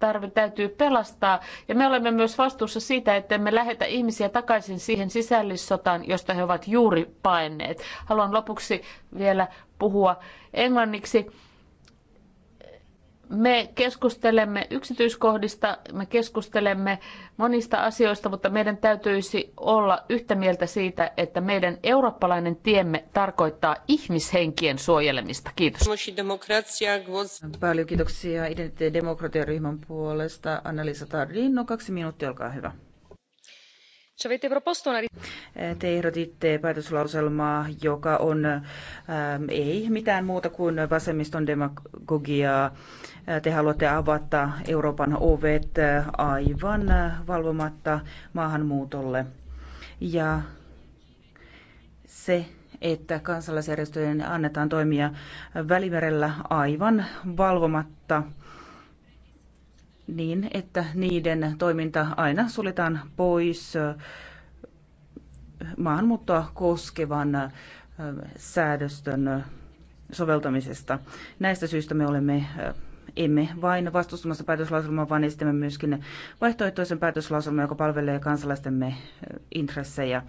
tarve täytyy pelastaa. Ja me olemme myös vastuussa siitä, että me lähetä ihmisiä takaisin siihen sisällissotaan, josta he ovat juuri paenneet. Haluan lopuksi vielä puhua englanniksi me keskustelemme yksityiskohdista, me keskustelemme monista asioista, mutta meidän täytyisi olla yhtä mieltä siitä, että meidän eurooppalainen tiemme tarkoittaa ihmishenkien suojelemista. Kiitos. Paljon kiitoksia Identiteetti- demokratiaryhmän puolesta. Annalisa Tarrinno, kaksi minuuttia, olkaa hyvä. Eh, te ehdotitte päätöslauselmaa, joka on ähm, ei mitään muuta kuin vasemmiston demagogiaa. Äh, te haluatte avata Euroopan ovet äh, aivan äh, valvomatta maahanmuutolle. Ja se, että kansalaisjärjestöjen annetaan toimia välimerellä aivan valvomatta niin, että niiden toiminta aina suljetaan pois maahanmuuttoa koskevan säädöstön soveltamisesta. Näistä syistä me olemme emme vain vastustamassa päätöslauselmaa, vaan esitämme myöskin vaihtoehtoisen päätöslauselman, joka palvelee kansalaistemme intressejä.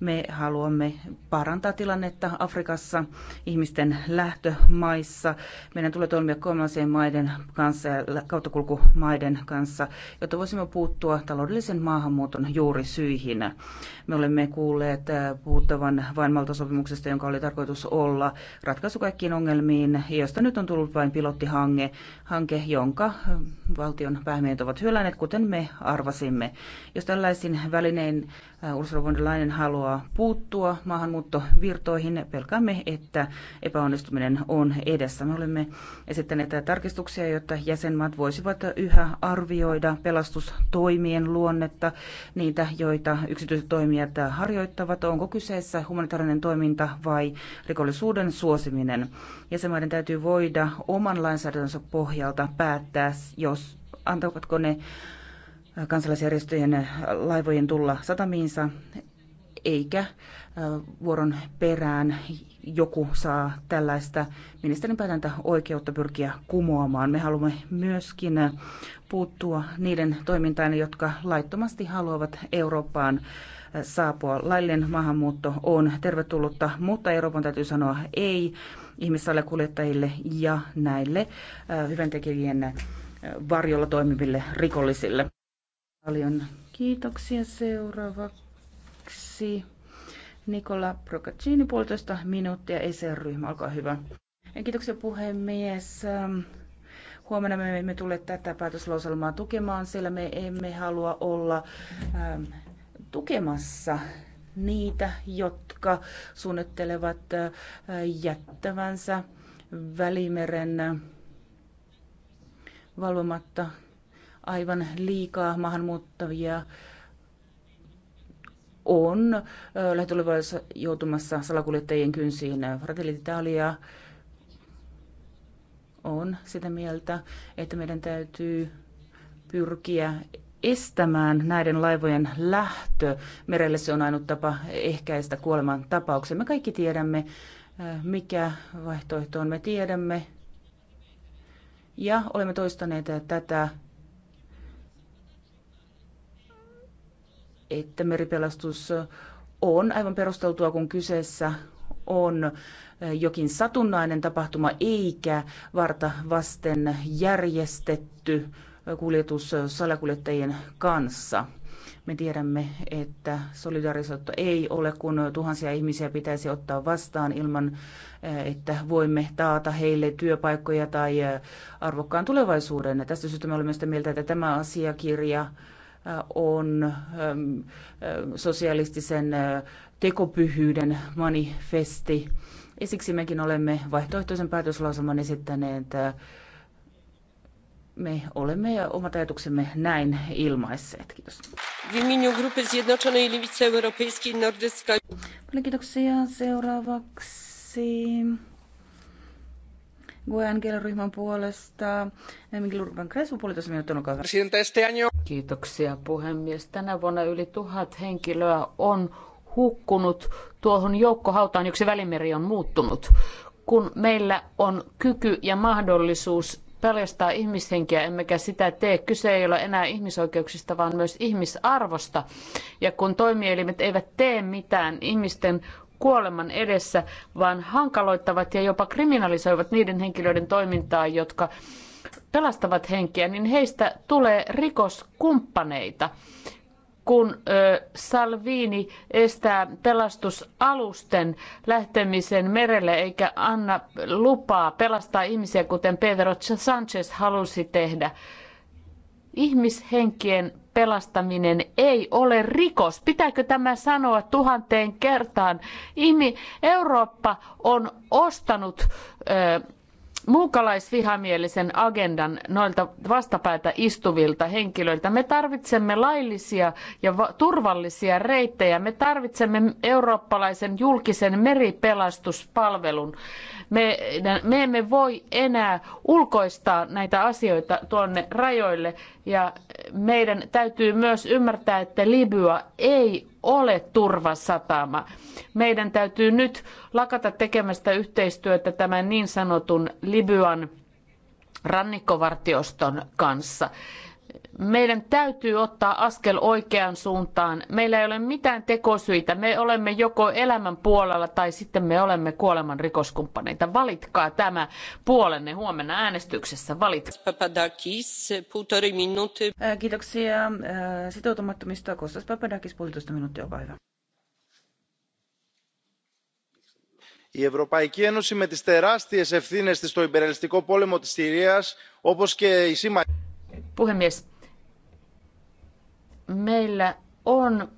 Me haluamme parantaa tilannetta Afrikassa, ihmisten lähtömaissa. Meidän tulee toimia kolmansien maiden kanssa ja kauttakulkumaiden kanssa, jotta voisimme puuttua taloudellisen maahanmuuton juurisyihin. Me olemme kuulleet äh, puhuttavan vain malta jonka oli tarkoitus olla ratkaisu kaikkiin ongelmiin, josta nyt on tullut vain pilottihanke, hanke, jonka äh, valtion päämiehet ovat hylänneet, kuten me arvasimme. Jos tällaisin välinein Äh, Ursula von der Leyen haluaa puuttua maahanmuuttovirtoihin. Pelkäämme, että epäonnistuminen on edessä. Me olemme esittäneet tarkistuksia, jotta jäsenmaat voisivat yhä arvioida pelastustoimien luonnetta, niitä, joita yksityiset toimijat harjoittavat. Onko kyseessä humanitaarinen toiminta vai rikollisuuden suosiminen? Jäsenmaiden täytyy voida oman lainsäädäntönsä pohjalta päättää, jos antavatko ne kansalaisjärjestöjen laivojen tulla satamiinsa, eikä vuoron perään joku saa tällaista ministerin päätäntä oikeutta pyrkiä kumoamaan. Me haluamme myöskin puuttua niiden toimintaan, jotka laittomasti haluavat Eurooppaan saapua. Laillinen maahanmuutto on tervetullutta, mutta Euroopan täytyy sanoa ei kuljettajille ja näille hyväntekijien varjolla toimiville rikollisille. Paljon kiitoksia. Seuraavaksi Nikola Procaccini, puolitoista minuuttia, ESR-ryhmä, olkaa hyvä. Kiitoksia puhemies. Huomenna me emme tule tätä päätöslauselmaa tukemaan, sillä me emme halua olla ähm, tukemassa niitä, jotka suunnittelevat äh, jättävänsä Välimeren valvomatta aivan liikaa maahanmuuttavia on lähitulevaisuudessa joutumassa salakuljettajien kynsiin. Fratellit Italia on sitä mieltä, että meidän täytyy pyrkiä estämään näiden laivojen lähtö merelle. Se on ainut tapa ehkäistä kuoleman tapauksia. Me kaikki tiedämme, mikä vaihtoehto on. Me tiedämme ja olemme toistaneet tätä että meripelastus on aivan perusteltua, kun kyseessä on jokin satunnainen tapahtuma eikä varta vasten järjestetty kuljetus salakuljettajien kanssa. Me tiedämme, että solidarisuutta ei ole, kun tuhansia ihmisiä pitäisi ottaa vastaan ilman, että voimme taata heille työpaikkoja tai arvokkaan tulevaisuuden. Tästä syystä me olemme sitä mieltä, että tämä asiakirja on ähm, äh, sosialistisen äh, tekopyhyyden manifesti. Ja siksi mekin olemme vaihtoehtoisen päätöslauselman esittäneet. Äh, me olemme ja omat ajatuksemme näin ilmaisseet. Kiitos. W Kiitoksia. Seuraavaksi gue ryhmän puolesta. Miguel Urban Crespo, puolitoista minuuttia, olkaa hyvä. Kiitoksia puhemies. Tänä vuonna yli tuhat henkilöä on hukkunut tuohon joukkohautaan, joksi välimeri on muuttunut. Kun meillä on kyky ja mahdollisuus paljastaa ihmishenkiä, emmekä sitä tee. Kyse ei ole enää ihmisoikeuksista, vaan myös ihmisarvosta. Ja kun toimielimet eivät tee mitään, ihmisten kuoleman edessä, vaan hankaloittavat ja jopa kriminalisoivat niiden henkilöiden toimintaa, jotka pelastavat henkiä, niin heistä tulee rikoskumppaneita. Kun ö, Salvini estää pelastusalusten lähtemisen merelle eikä anna lupaa pelastaa ihmisiä, kuten Pedro Sanchez halusi tehdä, Ihmishenkien pelastaminen ei ole rikos. Pitääkö tämä sanoa tuhanteen kertaan? Ihmi- Eurooppa on ostanut ö, muukalaisvihamielisen agendan noilta vastapäätä istuvilta henkilöiltä. Me tarvitsemme laillisia ja turvallisia reittejä. Me tarvitsemme eurooppalaisen julkisen meripelastuspalvelun. Me, me emme voi enää ulkoistaa näitä asioita tuonne rajoille ja meidän täytyy myös ymmärtää, että Libya ei ole turvasatama. Meidän täytyy nyt lakata tekemästä yhteistyötä tämän niin sanotun Libyan rannikkovartioston kanssa. Meidän täytyy ottaa askel oikeaan suuntaan. Meillä ei ole mitään tekosyitä. Me olemme joko elämän puolella tai sitten me olemme kuoleman rikoskumppaneita. Valitkaa tämä puolenne huomenna äänestyksessä. Valitkaa. Papadakis, puolitoista Kiitoksia sitoutumattomista. Kostas Papadakis, puolitoista minuuttia, olkaa hyvä. η ευρωπαϊκή ένωση με τις τεράστιες ευθύνες της στο υπερελιστικό πόλεμο της συρίας όπως και η Puhemies, meillä on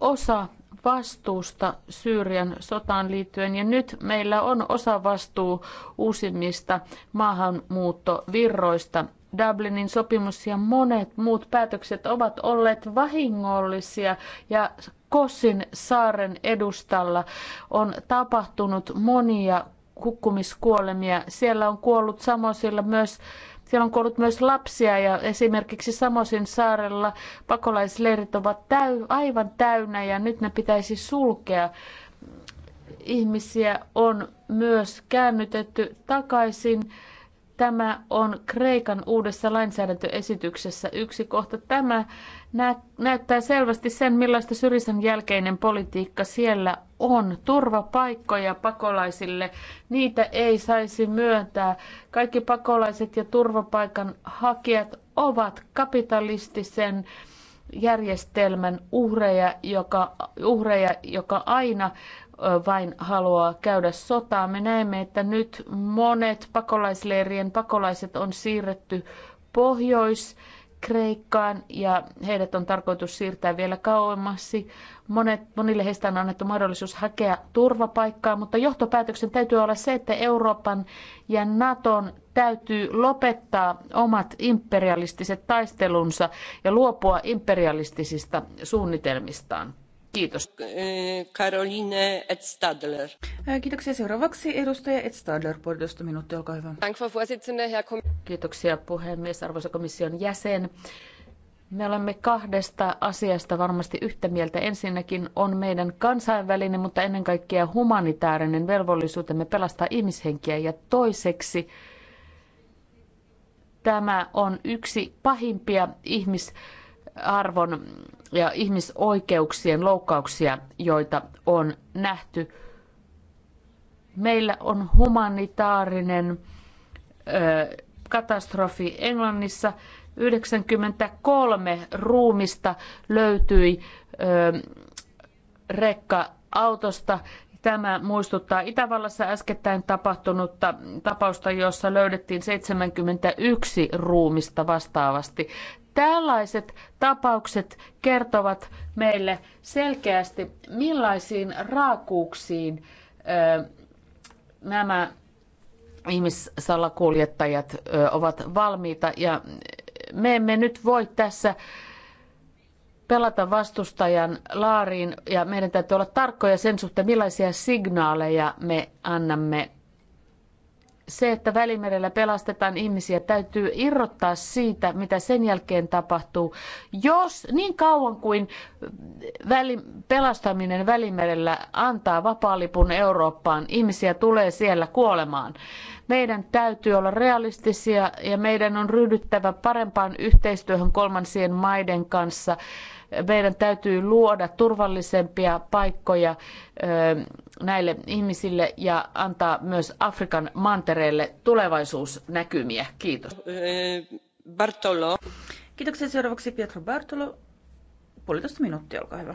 osa vastuusta Syyrian sotaan liittyen ja nyt meillä on osa vastuu uusimmista maahanmuuttovirroista. Dublinin sopimus ja monet muut päätökset ovat olleet vahingollisia ja Kossin saaren edustalla on tapahtunut monia hukkumiskuolemia. Siellä on kuollut samoisilla myös siellä on kuollut myös lapsia ja esimerkiksi Samosin saarella pakolaisleirit ovat täy- aivan täynnä ja nyt ne pitäisi sulkea. Ihmisiä on myös käännytetty takaisin Tämä on Kreikan uudessa lainsäädäntöesityksessä yksi kohta. Tämä näyttää selvästi sen, millaista syrjisen jälkeinen politiikka siellä on. Turvapaikkoja pakolaisille, niitä ei saisi myöntää. Kaikki pakolaiset ja turvapaikan hakijat ovat kapitalistisen järjestelmän uhreja, joka, uhreja, joka aina vain haluaa käydä sotaa. Me näemme, että nyt monet pakolaisleirien pakolaiset on siirretty pohjois Kreikkaan ja heidät on tarkoitus siirtää vielä kauemmaksi. Monet, monille heistä on annettu mahdollisuus hakea turvapaikkaa, mutta johtopäätöksen täytyy olla se, että Euroopan ja Naton täytyy lopettaa omat imperialistiset taistelunsa ja luopua imperialistisista suunnitelmistaan. Kiitos. Caroline Kiitoksia. Seuraavaksi edustaja Edstadler, puolitoista minuuttia, olkaa hyvä. Kiitoksia puhemies, arvoisa komission jäsen. Me olemme kahdesta asiasta varmasti yhtä mieltä. Ensinnäkin on meidän kansainvälinen, mutta ennen kaikkea humanitaarinen velvollisuutemme pelastaa ihmishenkiä. Ja toiseksi tämä on yksi pahimpia ihmis arvon ja ihmisoikeuksien loukkauksia, joita on nähty. Meillä on humanitaarinen ö, katastrofi Englannissa. 93 ruumista löytyi ö, rekka-autosta. Tämä muistuttaa Itävallassa äskettäin tapahtunutta tapausta, jossa löydettiin 71 ruumista vastaavasti. Tällaiset tapaukset kertovat meille selkeästi, millaisiin raakuuksiin nämä ihmissalakuljettajat ovat valmiita. Ja me emme nyt voi tässä pelata vastustajan laariin ja meidän täytyy olla tarkkoja sen suhteen, millaisia signaaleja me annamme se, että Välimerellä pelastetaan ihmisiä, täytyy irrottaa siitä, mitä sen jälkeen tapahtuu. Jos niin kauan kuin väli, pelastaminen Välimerellä antaa vapaalipun Eurooppaan, ihmisiä tulee siellä kuolemaan. Meidän täytyy olla realistisia ja meidän on ryhdyttävä parempaan yhteistyöhön kolmansien maiden kanssa. Meidän täytyy luoda turvallisempia paikkoja näille ihmisille ja antaa myös Afrikan mantereelle tulevaisuusnäkymiä. Kiitos. Bartolo. Kiitoksia seuraavaksi Pietro Bartolo. Puolitoista minuuttia, olkaa hyvä.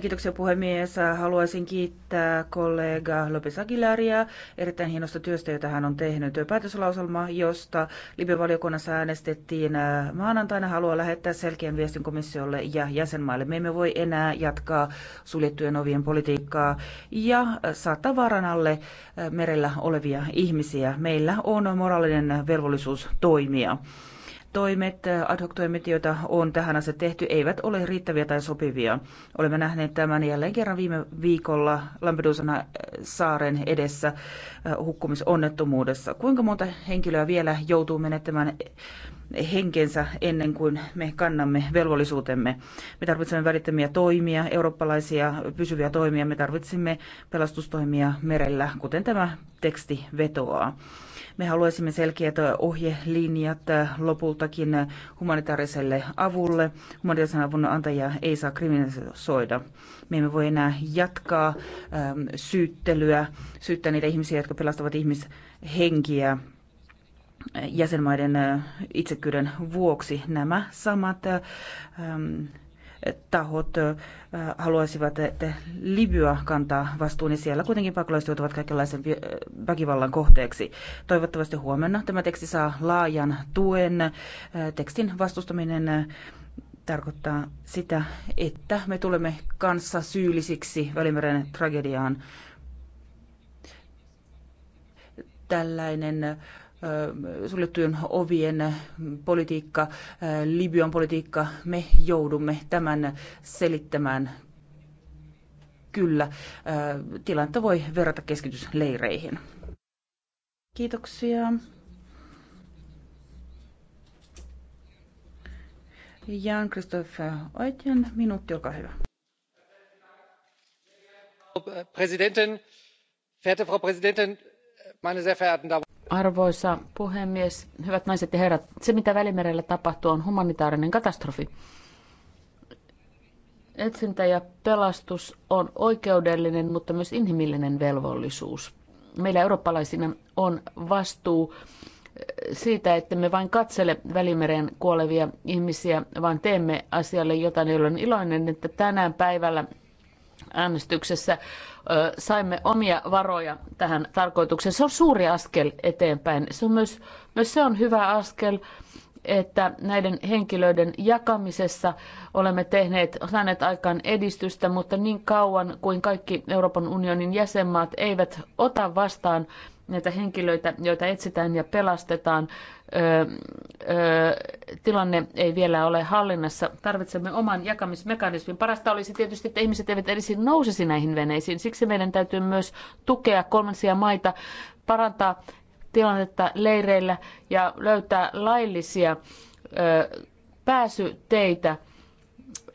Kiitoksia puhemies. Haluaisin kiittää kollega Lopes Aguilaria erittäin hienosta työstä, jota hän on tehnyt. Päätöslauselma, josta Libyan valiokunnassa äänestettiin äh, maanantaina, haluaa lähettää selkeän viestin komissiolle ja jäsenmaille. Me emme voi enää jatkaa suljettujen ovien politiikkaa ja saattaa vaaran alle äh, merellä olevia ihmisiä. Meillä on moraalinen velvollisuus toimia toimet, ad hoc toimet, joita on tähän asti tehty, eivät ole riittäviä tai sopivia. Olemme nähneet tämän jälleen kerran viime viikolla Lampedusan saaren edessä äh, hukkumisonnettomuudessa. Kuinka monta henkilöä vielä joutuu menettämään henkensä ennen kuin me kannamme velvollisuutemme. Me tarvitsemme välittömiä toimia, eurooppalaisia pysyviä toimia. Me tarvitsemme pelastustoimia merellä, kuten tämä teksti vetoaa. Me haluaisimme selkeät ohjelinjat lopultakin humanitaariselle avulle. Humanitaarisen avun antajia ei saa kriminalisoida. Me emme voi enää jatkaa ähm, syyttelyä, syyttää niitä ihmisiä, jotka pelastavat ihmishenkiä jäsenmaiden äh, itsekyyden vuoksi nämä samat ähm, tahot haluaisivat, että Libya kantaa vastuun, niin siellä kuitenkin pakolaiset joutuvat kaikenlaisen väkivallan kohteeksi. Toivottavasti huomenna tämä teksti saa laajan tuen. Tekstin vastustaminen tarkoittaa sitä, että me tulemme kanssa syyllisiksi Välimeren tragediaan. Tällainen suljettujen ovien politiikka, Libyan politiikka, me joudumme tämän selittämään kyllä. Tilannetta voi verrata keskitysleireihin. Kiitoksia. Jan-Christophe Oitjan, minuutti, olkaa hyvä. Frau Präsidentin, verehrte Frau Präsidentin, meine sehr verehrten Damen Arvoisa puhemies, hyvät naiset ja herrat, se mitä Välimerellä tapahtuu on humanitaarinen katastrofi. Etsintä ja pelastus on oikeudellinen, mutta myös inhimillinen velvollisuus. Meillä eurooppalaisina on vastuu eh, siitä, että me vain katsele välimeren kuolevia ihmisiä, vaan teemme asialle jotain, jolloin iloinen, että tänään päivällä äänestyksessä saimme omia varoja tähän tarkoitukseen. Se on suuri askel eteenpäin. Se on myös, myös se on hyvä askel, että näiden henkilöiden jakamisessa olemme tehneet, saaneet aikaan edistystä, mutta niin kauan kuin kaikki Euroopan unionin jäsenmaat eivät ota vastaan näitä henkilöitä, joita etsitään ja pelastetaan. Öö, öö, tilanne ei vielä ole hallinnassa. Tarvitsemme oman jakamismekanismin. Parasta olisi tietysti, että ihmiset eivät edes nousisi näihin veneisiin. Siksi meidän täytyy myös tukea kolmansia maita, parantaa tilannetta leireillä ja löytää laillisia öö, pääsyteitä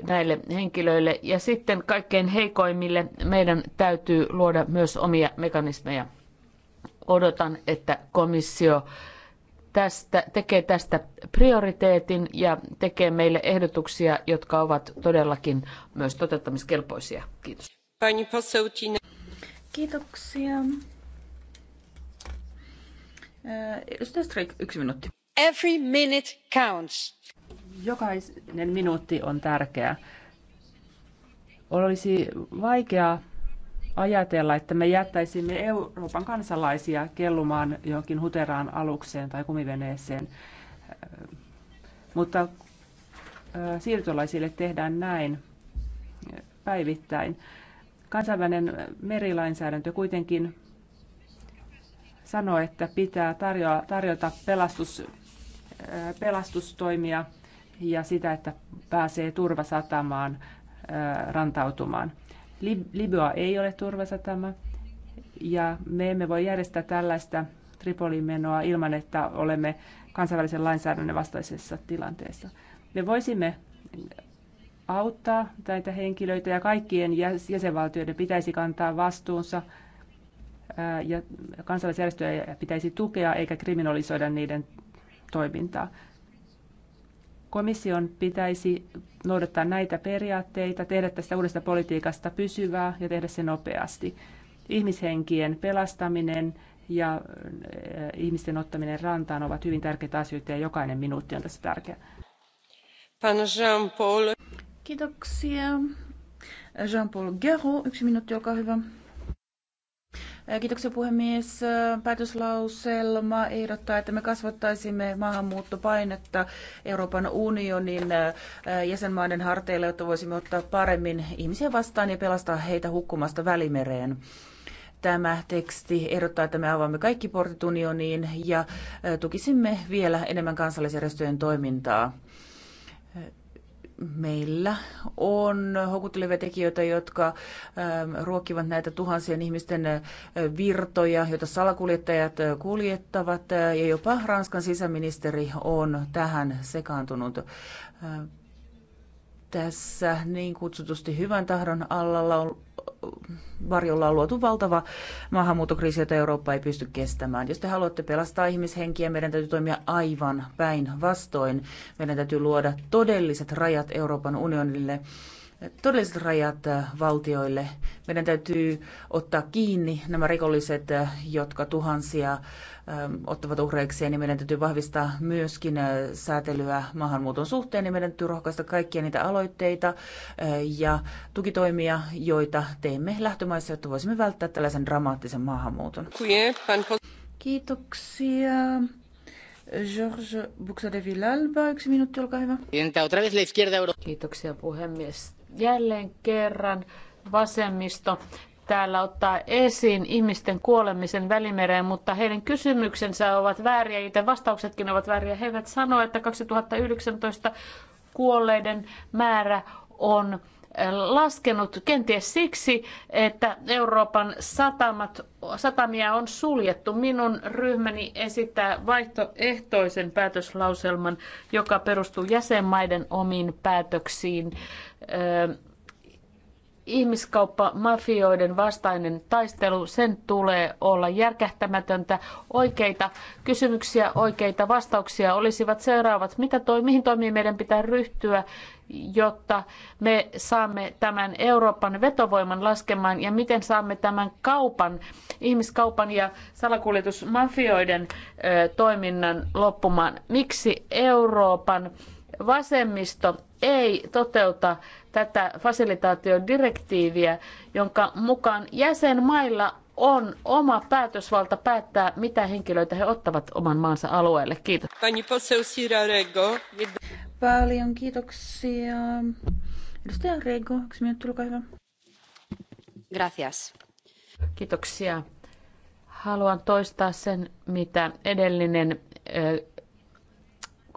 näille henkilöille. Ja sitten kaikkein heikoimmille meidän täytyy luoda myös omia mekanismeja odotan, että komissio tästä, tekee tästä prioriteetin ja tekee meille ehdotuksia, jotka ovat todellakin myös toteuttamiskelpoisia. Kiitos. Kiitoksia. Edustaja Streik, yksi minuutti. Every minute counts. Jokainen minuutti on tärkeä. Olisi vaikeaa ajatella, että me jättäisimme Euroopan kansalaisia kellumaan johonkin huteraan alukseen tai kumiveneeseen. Äh, mutta äh, siirtolaisille tehdään näin äh, päivittäin. Kansainvälinen merilainsäädäntö kuitenkin sanoo, että pitää tarjoa, tarjota pelastus, pelastustoimia ja sitä, että pääsee turvasatamaan rantautumaan. Libya ei ole turvasatama ja me emme voi järjestää tällaista Tripolin menoa ilman, että olemme kansainvälisen lainsäädännön vastaisessa tilanteessa. Me voisimme auttaa näitä henkilöitä ja kaikkien jäsenvaltioiden pitäisi kantaa vastuunsa ja kansalaisjärjestöjä pitäisi tukea eikä kriminalisoida niiden toimintaa. Komission pitäisi noudattaa näitä periaatteita, tehdä tästä uudesta politiikasta pysyvää ja tehdä se nopeasti. Ihmishenkien pelastaminen ja äh, ihmisten ottaminen rantaan ovat hyvin tärkeitä asioita ja jokainen minuutti on tässä tärkeä. Jean-Paul. Kiitoksia. Jean-Paul Gero, yksi minuutti, olkaa hyvä. Kiitoksia puhemies. Päätöslauselma ehdottaa, että me kasvattaisimme maahanmuuttopainetta Euroopan unionin jäsenmaiden harteille, jotta voisimme ottaa paremmin ihmisiä vastaan ja pelastaa heitä hukkumasta välimereen tämä teksti ehdottaa, että me avaamme kaikki portit unioniin ja tukisimme vielä enemmän kansallisjärjestöjen toimintaa meillä on houkuttelevia tekijöitä, jotka ähm, ruokkivat näitä tuhansien ihmisten äh, virtoja, joita salakuljettajat äh, kuljettavat, äh, ja jopa Ranskan sisäministeri on tähän sekaantunut. Tässä niin kutsutusti hyvän tahdon alla on varjolla on luotu valtava maahanmuuttokriisi, jota Eurooppa ei pysty kestämään. Jos te haluatte pelastaa ihmishenkiä, meidän täytyy toimia aivan päinvastoin. Meidän täytyy luoda todelliset rajat Euroopan unionille todelliset rajat äh, valtioille. Meidän täytyy ottaa kiinni nämä rikolliset, äh, jotka tuhansia ähm, ottavat uhreikseen, niin meidän täytyy vahvistaa myöskin äh, säätelyä maahanmuuton suhteen, niin meidän täytyy rohkaista kaikkia niitä aloitteita ja tukitoimia, joita teemme lähtömaissa, jotta voisimme välttää tällaisen dramaattisen maahanmuuton. Kiitoksia. George Buxadevillalba, yksi minuutti, olkaa hyvä. Kiitoksia puhemies. Jälleen kerran vasemmisto täällä ottaa esiin ihmisten kuolemisen välimereen, mutta heidän kysymyksensä ovat vääriä, joten vastauksetkin ovat vääriä. He eivät sano, että 2019 kuolleiden määrä on laskenut kenties siksi, että Euroopan satamat, satamia on suljettu. Minun ryhmäni esittää vaihtoehtoisen päätöslauselman, joka perustuu jäsenmaiden omiin päätöksiin ihmiskauppa, mafioiden vastainen taistelu, sen tulee olla järkähtämätöntä. Oikeita kysymyksiä, oikeita vastauksia olisivat seuraavat. Mitä toi, mihin toimiin meidän pitää ryhtyä, jotta me saamme tämän Euroopan vetovoiman laskemaan ja miten saamme tämän kaupan, ihmiskaupan ja salakuljetusmafioiden ö, toiminnan loppumaan. Miksi Euroopan vasemmisto ei toteuta tätä fasilitaatiodirektiiviä, jonka mukaan jäsenmailla on oma päätösvalta päättää, mitä henkilöitä he ottavat oman maansa alueelle. Kiitos. Paljon kiitoksia. Edustaja Rego, yksi minuutti, olkaa hyvä. Gracias. Kiitoksia. Haluan toistaa sen, mitä edellinen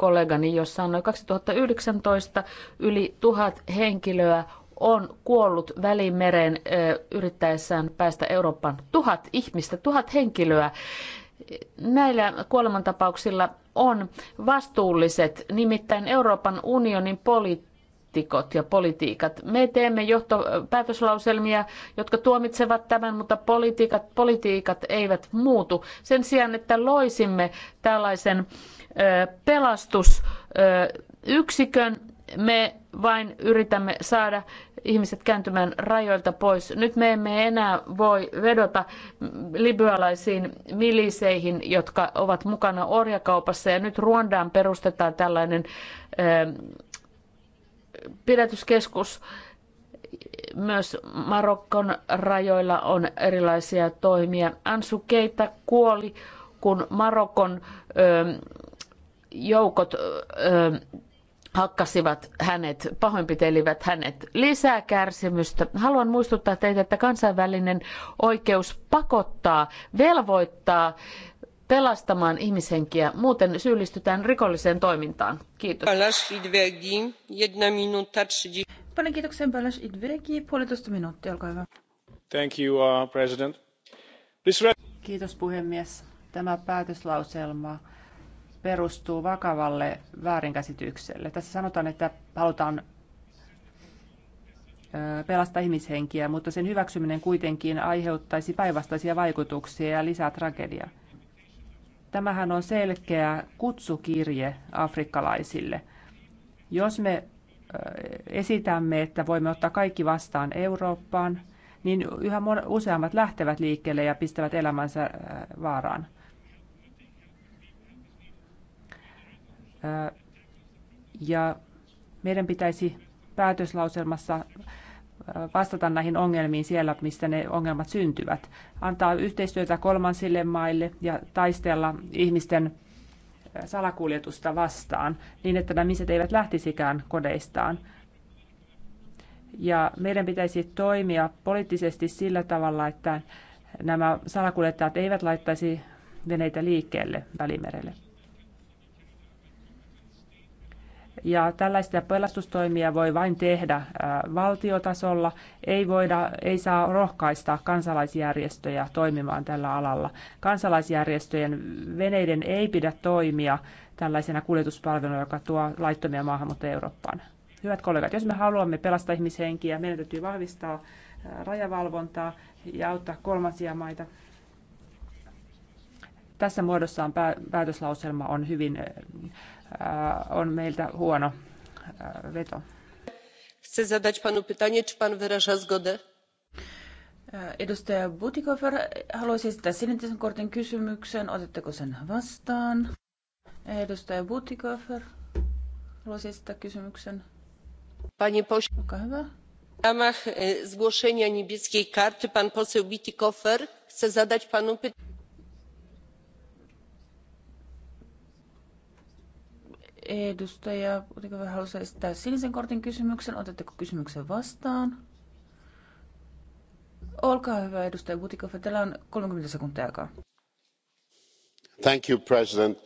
kollegani on noin 2019 yli tuhat henkilöä on kuollut Välimereen yrittäessään päästä Eurooppaan. Tuhat ihmistä, tuhat henkilöä. Näillä kuolemantapauksilla on vastuulliset, nimittäin Euroopan unionin poliitikot ja politiikat. Me teemme johtopäätöslauselmia, jotka tuomitsevat tämän, mutta politiikat, politiikat eivät muutu. Sen sijaan, että loisimme tällaisen pelastusyksikön. Me vain yritämme saada ihmiset kääntymään rajoilta pois. Nyt me emme enää voi vedota libyalaisiin miliseihin, jotka ovat mukana orjakaupassa. Ja nyt Ruondaan perustetaan tällainen pidätyskeskus myös Marokkon rajoilla on erilaisia toimia. Ansu Keita kuoli, kun Marokon ö, joukot hakkasivat hänet, pahoinpitelivät hänet. Lisää kärsimystä. Haluan muistuttaa teitä, että kansainvälinen oikeus pakottaa, velvoittaa pelastamaan ihmishenkiä. Muuten syyllistytään rikolliseen toimintaan. Kiitos. Paljon kiitoksia, Balash Idvegi. Puolitoista minuuttia, olkaa hyvä. Thank you, uh, president. This... Kiitos puhemies. Tämä päätöslauselma perustuu vakavalle väärinkäsitykselle. Tässä sanotaan, että halutaan pelastaa ihmishenkiä, mutta sen hyväksyminen kuitenkin aiheuttaisi päinvastaisia vaikutuksia ja lisää tragediaa. Tämähän on selkeä kutsukirje afrikkalaisille. Jos me esitämme, että voimme ottaa kaikki vastaan Eurooppaan, niin yhä useammat lähtevät liikkeelle ja pistävät elämänsä vaaraan. Ja meidän pitäisi päätöslauselmassa vastata näihin ongelmiin siellä, mistä ne ongelmat syntyvät. Antaa yhteistyötä kolmansille maille ja taistella ihmisten salakuljetusta vastaan niin, että nämä ihmiset eivät lähtisikään kodeistaan. Ja meidän pitäisi toimia poliittisesti sillä tavalla, että nämä salakuljettajat eivät laittaisi veneitä liikkeelle Välimerelle. Ja tällaisia pelastustoimia voi vain tehdä äh, valtiotasolla. Ei, voida, ei saa rohkaista kansalaisjärjestöjä toimimaan tällä alalla. Kansalaisjärjestöjen veneiden ei pidä toimia tällaisena kuljetuspalveluna, joka tuo laittomia maahanmuuttajia Eurooppaan. Hyvät kollegat, jos me haluamme pelastaa ihmishenkiä, meidän täytyy vahvistaa äh, rajavalvontaa ja auttaa kolmansia maita. Tässä muodossaan päätöslauselma on hyvin äh, on meiltä huono veto. Chcę zadać panu pytanie, czy pan wyraża zgodę? Edustaja Butikofer haluaisi esittää sinitisen kortin kysymyksen. Otetteko sen vastaan? Edustaja Butikofer haluaisi esittää kysymyksen. Panie pośle, Olkaa hyvä. w ramach e, zgłoszenia niebieskiej karty pan poseł Bitikofer chce zadać panu pytanie Edustaja, kuitenkin halusi esittää sinisen kortin kysymyksen. Otatteko kysymyksen vastaan? Olkaa hyvä, edustaja Butikov. Teillä on 30 sekuntia aikaa. Thank you, President.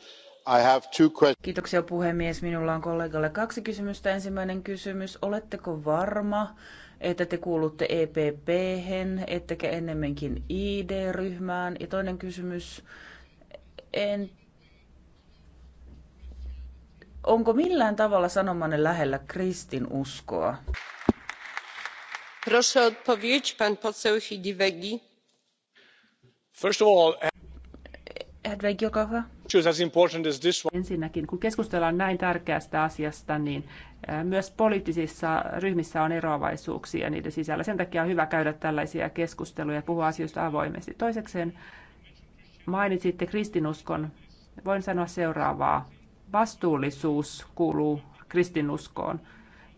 I have two questions. Kiitoksia puhemies. Minulla on kollegalle kaksi kysymystä. Ensimmäinen kysymys. Oletteko varma, että te kuulutte EPP-hen, ettekä ennemminkin ID-ryhmään? Ja toinen kysymys. En Onko millään tavalla sanomanne lähellä kristin uskoa? pan First of all, Ensinnäkin, kun keskustellaan näin tärkeästä asiasta, niin myös poliittisissa ryhmissä on eroavaisuuksia niiden sisällä. Sen takia on hyvä käydä tällaisia keskusteluja ja puhua asioista avoimesti. Toisekseen mainitsitte kristinuskon. Voin sanoa seuraavaa vastuullisuus kuuluu kristinuskoon.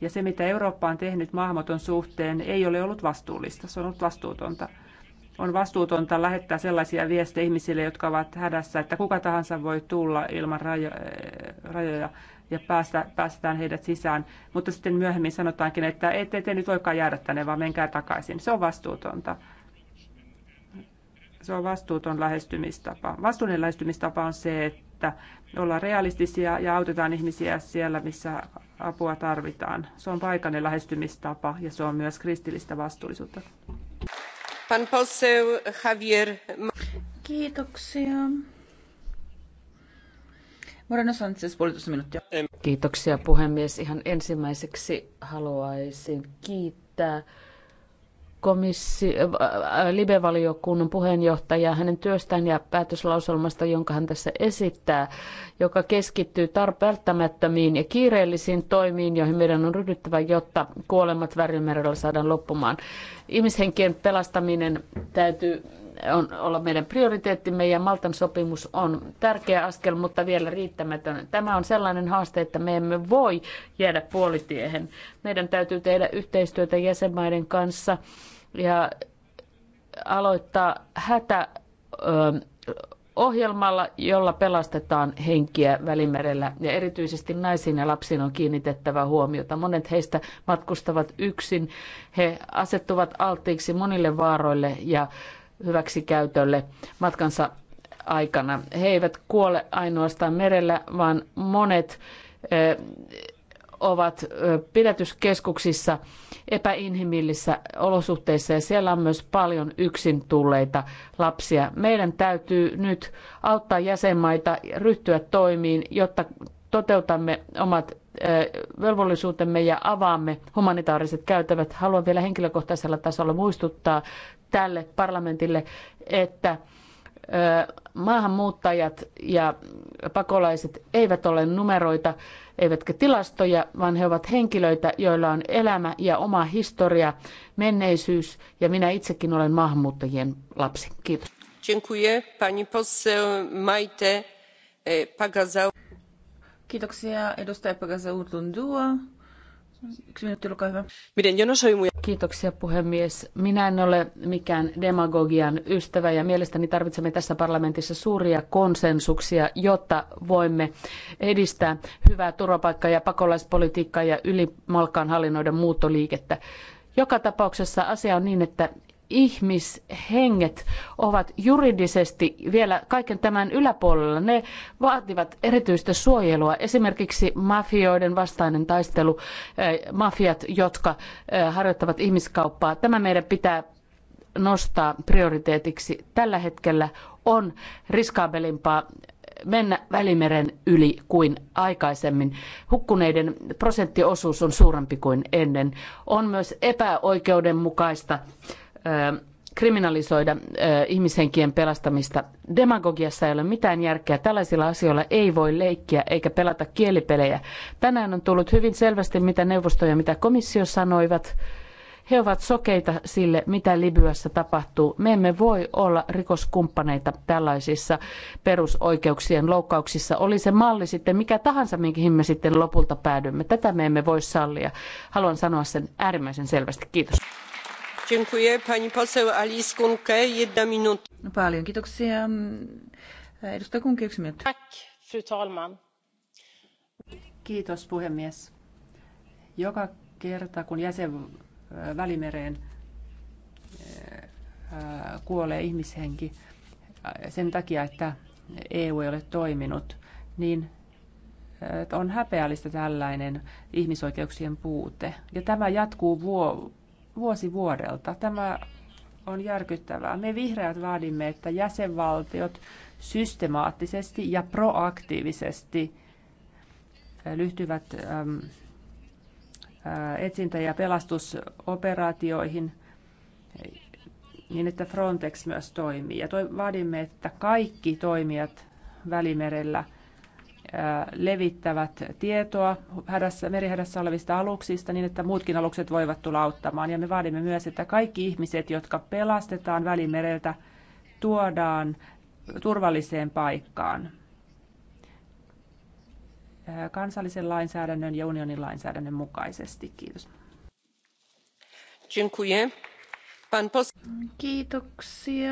Ja se, mitä Eurooppa on tehnyt maahanmuuton suhteen, ei ole ollut vastuullista, se on ollut vastuutonta. On vastuutonta lähettää sellaisia viestejä ihmisille, jotka ovat hädässä, että kuka tahansa voi tulla ilman rajo, eh, rajoja ja päästä, päästään heidät sisään. Mutta sitten myöhemmin sanotaankin, että ette te nyt voikaan jäädä tänne, vaan menkää takaisin. Se on vastuutonta. Se on vastuuton lähestymistapa. Vastuullinen lähestymistapa on se, että että ollaan realistisia ja autetaan ihmisiä siellä, missä apua tarvitaan. Se on paikallinen lähestymistapa ja se on myös kristillistä vastuullisuutta. Pan poseł Javier. Kiitoksia. Moreno Sanchez, puolitoista minuuttia. Kiitoksia puhemies. Ihan ensimmäiseksi haluaisin kiittää komissi, äh, äh, Libe-valiokunnan puheenjohtaja hänen työstään ja päätöslauselmasta, jonka hän tässä esittää, joka keskittyy välttämättömiin ja kiireellisiin toimiin, joihin meidän on ryhdyttävä, jotta kuolemat värjymerellä saadaan loppumaan. Ihmishenkien pelastaminen täytyy on, olla meidän prioriteettimme ja Maltan sopimus on tärkeä askel, mutta vielä riittämätön. Tämä on sellainen haaste, että me emme voi jäädä puolitiehen. Meidän täytyy tehdä yhteistyötä jäsenmaiden kanssa ja aloittaa hätä ohjelmalla, jolla pelastetaan henkiä Välimerellä ja erityisesti naisiin ja lapsiin on kiinnitettävä huomiota. Monet heistä matkustavat yksin, he asettuvat alttiiksi monille vaaroille ja hyväksikäytölle matkansa aikana. He eivät kuole ainoastaan merellä, vaan monet ovat pidätyskeskuksissa epäinhimillisissä olosuhteissa ja siellä on myös paljon yksin tulleita lapsia. Meidän täytyy nyt auttaa jäsenmaita ryhtyä toimiin, jotta toteutamme omat velvollisuutemme ja avaamme humanitaariset käytävät. Haluan vielä henkilökohtaisella tasolla muistuttaa tälle parlamentille, että maahanmuuttajat ja pakolaiset eivät ole numeroita eivätkä tilastoja, vaan he ovat henkilöitä, joilla on elämä ja oma historia, menneisyys ja minä itsekin olen maahanmuuttajien lapsi. Kiitos. Dziękuję. Pani poseł Maite e, Pagazau. Kiitoksia edustaja Pagazau Tundua. Kiitoksia puhemies. Minä en ole mikään demagogian ystävä ja mielestäni tarvitsemme tässä parlamentissa suuria konsensuksia, jotta voimme edistää hyvää turvapaikka- ja pakolaispolitiikkaa ja ylimalkaan hallinnoida muuttoliikettä. Joka tapauksessa asia on niin, että ihmishenget ovat juridisesti vielä kaiken tämän yläpuolella. Ne vaativat erityistä suojelua. Esimerkiksi mafioiden vastainen taistelu, eh, mafiat, jotka eh, harjoittavat ihmiskauppaa. Tämä meidän pitää nostaa prioriteetiksi. Tällä hetkellä on riskaabelimpaa mennä Välimeren yli kuin aikaisemmin. Hukkuneiden prosenttiosuus on suurempi kuin ennen. On myös epäoikeudenmukaista kriminalisoida ihmishenkien pelastamista. Demagogiassa ei ole mitään järkeä. Tällaisilla asioilla ei voi leikkiä eikä pelata kielipelejä. Tänään on tullut hyvin selvästi, mitä neuvosto ja mitä komissio sanoivat. He ovat sokeita sille, mitä Libyassa tapahtuu. Me emme voi olla rikoskumppaneita tällaisissa perusoikeuksien loukkauksissa. Oli se malli sitten mikä tahansa, minkä me sitten lopulta päädymme. Tätä me emme voi sallia. Haluan sanoa sen äärimmäisen selvästi. Kiitos. No fru talman. Kiitos puhemies. Joka kerta kun jäsen välimereen kuolee ihmishenki sen takia, että EU ei ole toiminut, niin on häpeällistä tällainen ihmisoikeuksien puute. Ja tämä jatkuu vuosi vuodelta. Tämä on järkyttävää. Me vihreät vaadimme, että jäsenvaltiot systemaattisesti ja proaktiivisesti lyhtyvät etsintä- ja pelastusoperaatioihin niin, että Frontex myös toimii. Ja vaadimme, että kaikki toimijat Välimerellä – levittävät tietoa hädässä, merihädässä olevista aluksista niin, että muutkin alukset voivat tulla auttamaan. Ja me vaadimme myös, että kaikki ihmiset, jotka pelastetaan välimereltä, tuodaan turvalliseen paikkaan kansallisen lainsäädännön ja unionin lainsäädännön mukaisesti. Kiitos. Kiitoksia.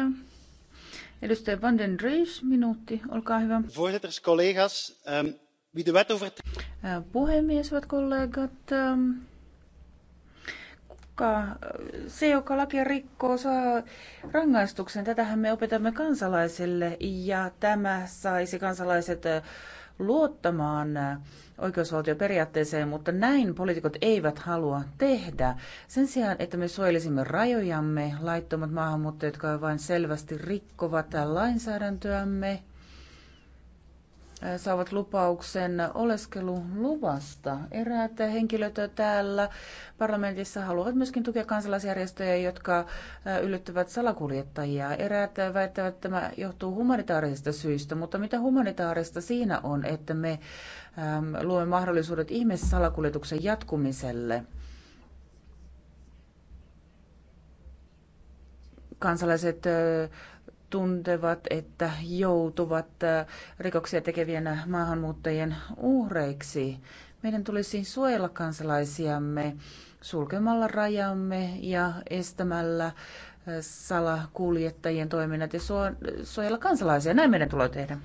Edustaja Van den Rees, minuutti, olkaa hyvä. Voorzitters, collega's, ehm, wie de wet over... Eh, puhemies, hyvät kollegat, ehm, kuka, eh, se, joka lakia rikkoo, saa rangaistuksen. Tätähän me opetamme kansalaiselle, ja tämä saisi kansalaiset eh, luottamaan oikeusvaltioperiaatteeseen, mutta näin poliitikot eivät halua tehdä. Sen sijaan, että me suojelisimme rajojamme, laittomat maahanmuuttajat, jotka vain selvästi rikkovat lainsäädäntöämme, saavat lupauksen oleskeluluvasta. Eräät henkilöt täällä parlamentissa haluavat myöskin tukea kansalaisjärjestöjä, jotka yllyttävät salakuljettajia. Eräät väittävät, että tämä johtuu humanitaarisista syistä, mutta mitä humanitaarista siinä on, että me luomme mahdollisuudet ihmissalakuljetuksen jatkumiselle? kansalaiset tuntevat, että joutuvat äh, rikoksia tekevien maahanmuuttajien uhreiksi. Meidän tulisi suojella kansalaisiamme sulkemalla rajamme ja estämällä äh, salakuljettajien toiminnat ja suojella kansalaisia. Näin meidän tulee tehdä.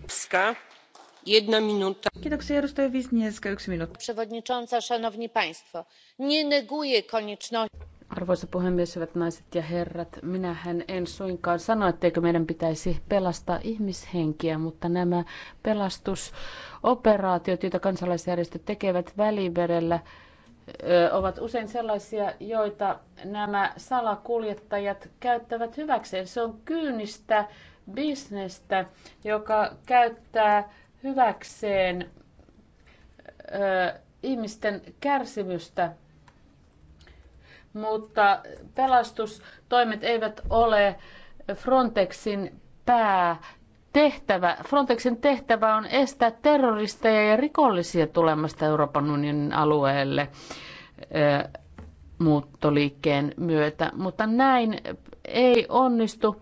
Jedna minuta. Kiitoksia edustaja Wisniewska, yksi minuutti. Przewodnicząca, szanowni państwo, nie neguję konieczności. Arvoisa puhemies, hyvät naiset ja herrat, minähän en suinkaan sano, etteikö meidän pitäisi pelastaa ihmishenkiä, mutta nämä pelastusoperaatiot, joita kansalaisjärjestöt tekevät väliverellä, ovat usein sellaisia, joita nämä salakuljettajat käyttävät hyväkseen. Se on kyynistä bisnestä, joka käyttää hyväkseen ihmisten kärsimystä mutta pelastustoimet eivät ole Frontexin päätehtävä. Frontexin tehtävä on estää terroristeja ja rikollisia tulemasta Euroopan unionin alueelle muuttoliikkeen myötä, mutta näin ei onnistu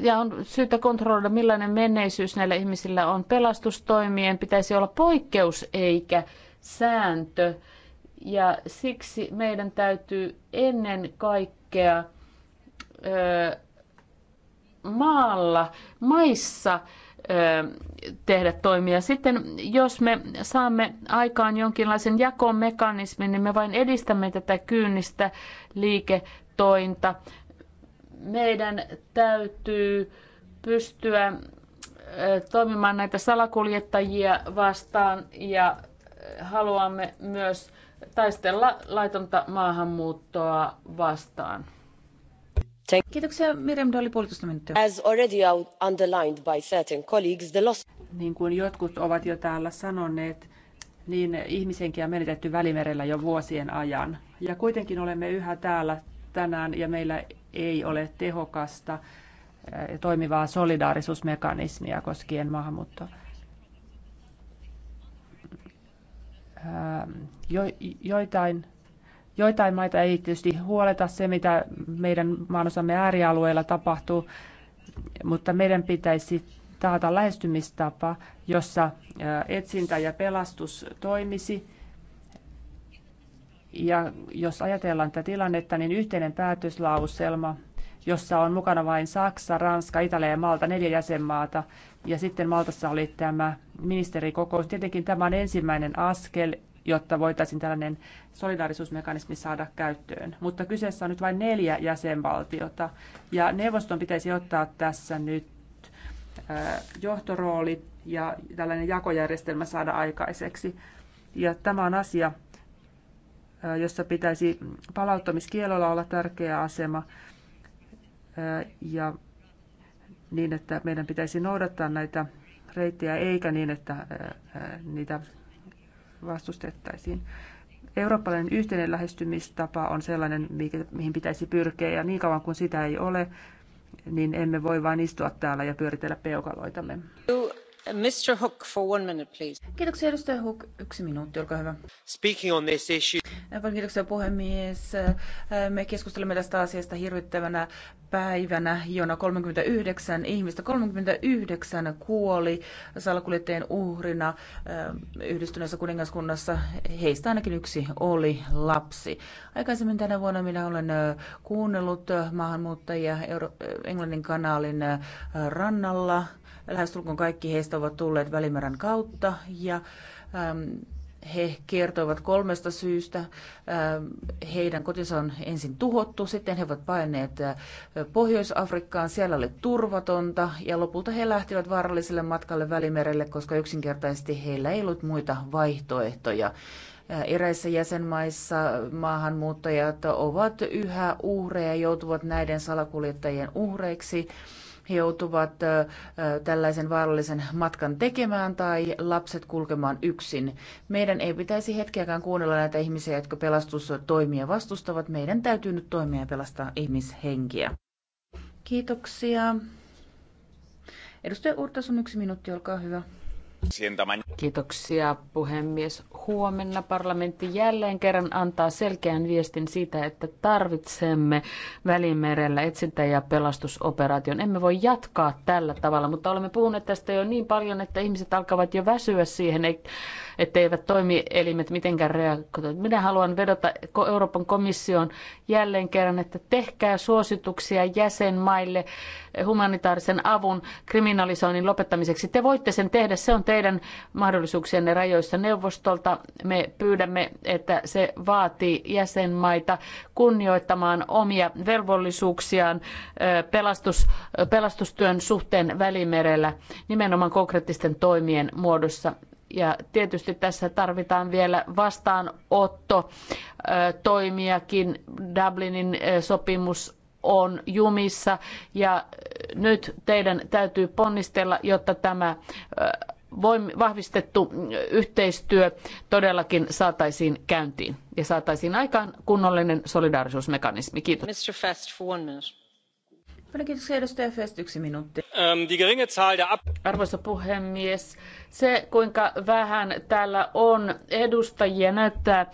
ja on syytä kontrolloida, millainen menneisyys näillä ihmisillä on. Pelastustoimien pitäisi olla poikkeus eikä sääntö. Ja siksi meidän täytyy ennen kaikkea ö, maalla, maissa ö, tehdä toimia. Sitten jos me saamme aikaan jonkinlaisen jakomekanismin, niin me vain edistämme tätä kyynistä liiketointa. Meidän täytyy pystyä toimimaan näitä salakuljettajia vastaan ja haluamme myös taistella laitonta maahanmuuttoa vastaan. Kiitoksia Miriam Dolly puolitoista minuuttia. As already underlined by certain colleagues, the loss... Niin kuin jotkut ovat jo täällä sanoneet, niin ihmisenkin on menetetty välimerellä jo vuosien ajan. Ja kuitenkin olemme yhä täällä tänään ja meillä ei ole tehokasta eh, toimivaa solidaarisuusmekanismia koskien maahanmuuttoa. jo, joitain, joitain maita ei tietysti huoleta se, mitä meidän maanosamme äärialueilla tapahtuu, mutta meidän pitäisi taata lähestymistapa, jossa etsintä ja pelastus toimisi. Ja jos ajatellaan tätä tilannetta, niin yhteinen päätöslauselma jossa on mukana vain Saksa, Ranska, Italia ja Malta, neljä jäsenmaata. Ja sitten Maltassa oli tämä ministerikokous. Tietenkin tämä on ensimmäinen askel, jotta voitaisiin tällainen solidaarisuusmekanismi saada käyttöön. Mutta kyseessä on nyt vain neljä jäsenvaltiota. Ja neuvoston pitäisi ottaa tässä nyt äh, johtorooli ja tällainen jakojärjestelmä saada aikaiseksi. Ja tämä on asia, äh, jossa pitäisi palauttamiskielolla olla tärkeä asema ja niin, että meidän pitäisi noudattaa näitä reittejä eikä niin, että niitä vastustettaisiin. Eurooppalainen yhteinen lähestymistapa on sellainen, mihin pitäisi pyrkiä ja niin kauan kuin sitä ei ole, niin emme voi vain istua täällä ja pyöritellä peukaloitamme arvoisa Hook for minuutti, Speaking on this issue. Äh, puhemies. Äh, me keskustelemme tästä asiasta hirvittävänä päivänä, jona 39 ihmistä, 39 kuoli salakuljettajien uhrina äh, yhdistyneessä kuningaskunnassa. Heistä ainakin yksi oli lapsi. Aikaisemmin tänä vuonna minä olen kuunnellut maahanmuuttajia Euro- Englannin kanaalin rannalla – Lähestulkoon kaikki heistä ovat tulleet Välimeren kautta ja äm, he kertoivat kolmesta syystä. Ähm, heidän kotinsa on ensin tuhottu, sitten he ovat paineet äh, Pohjois-Afrikkaan, siellä oli turvatonta ja lopulta he lähtivät vaaralliselle matkalle Välimerelle, koska yksinkertaisesti heillä ei ollut muita vaihtoehtoja. Äh, eräissä jäsenmaissa maahanmuuttajat ovat yhä uhreja, joutuvat näiden salakuljettajien uhreiksi he joutuvat tällaisen vaarallisen matkan tekemään tai lapset kulkemaan yksin. Meidän ei pitäisi hetkeäkään kuunnella näitä ihmisiä, jotka pelastustoimia vastustavat. Meidän täytyy nyt toimia ja pelastaa ihmishenkiä. Kiitoksia. Edustaja Urtas on yksi minuutti, olkaa hyvä. Kiitoksia puhemies. Huomenna parlamentti jälleen kerran antaa selkeän viestin siitä, että tarvitsemme Välimerellä etsintä- ja pelastusoperaation. Emme voi jatkaa tällä tavalla, mutta olemme puhuneet tästä jo niin paljon, että ihmiset alkavat jo väsyä siihen että eivät toimi elimet mitenkään reagoida. Minä haluan vedota Euroopan komission jälleen kerran, että tehkää suosituksia jäsenmaille humanitaarisen avun kriminalisoinnin lopettamiseksi. Te voitte sen tehdä, se on teidän mahdollisuuksienne rajoissa neuvostolta. Me pyydämme, että se vaatii jäsenmaita kunnioittamaan omia velvollisuuksiaan pelastus, pelastustyön suhteen välimerellä nimenomaan konkreettisten toimien muodossa. Ja tietysti tässä tarvitaan vielä vastaanotto toimiakin. Dublinin sopimus on jumissa ja nyt teidän täytyy ponnistella, jotta tämä vahvistettu yhteistyö todellakin saataisiin käyntiin ja saataisiin aikaan kunnollinen solidaarisuusmekanismi. Kiitos. Mr. Fest, for one minute. Paljon edustaja Fest, yksi minuutti. Ähm, Arvoisa puhemies, se, kuinka vähän täällä on edustajia, näyttää,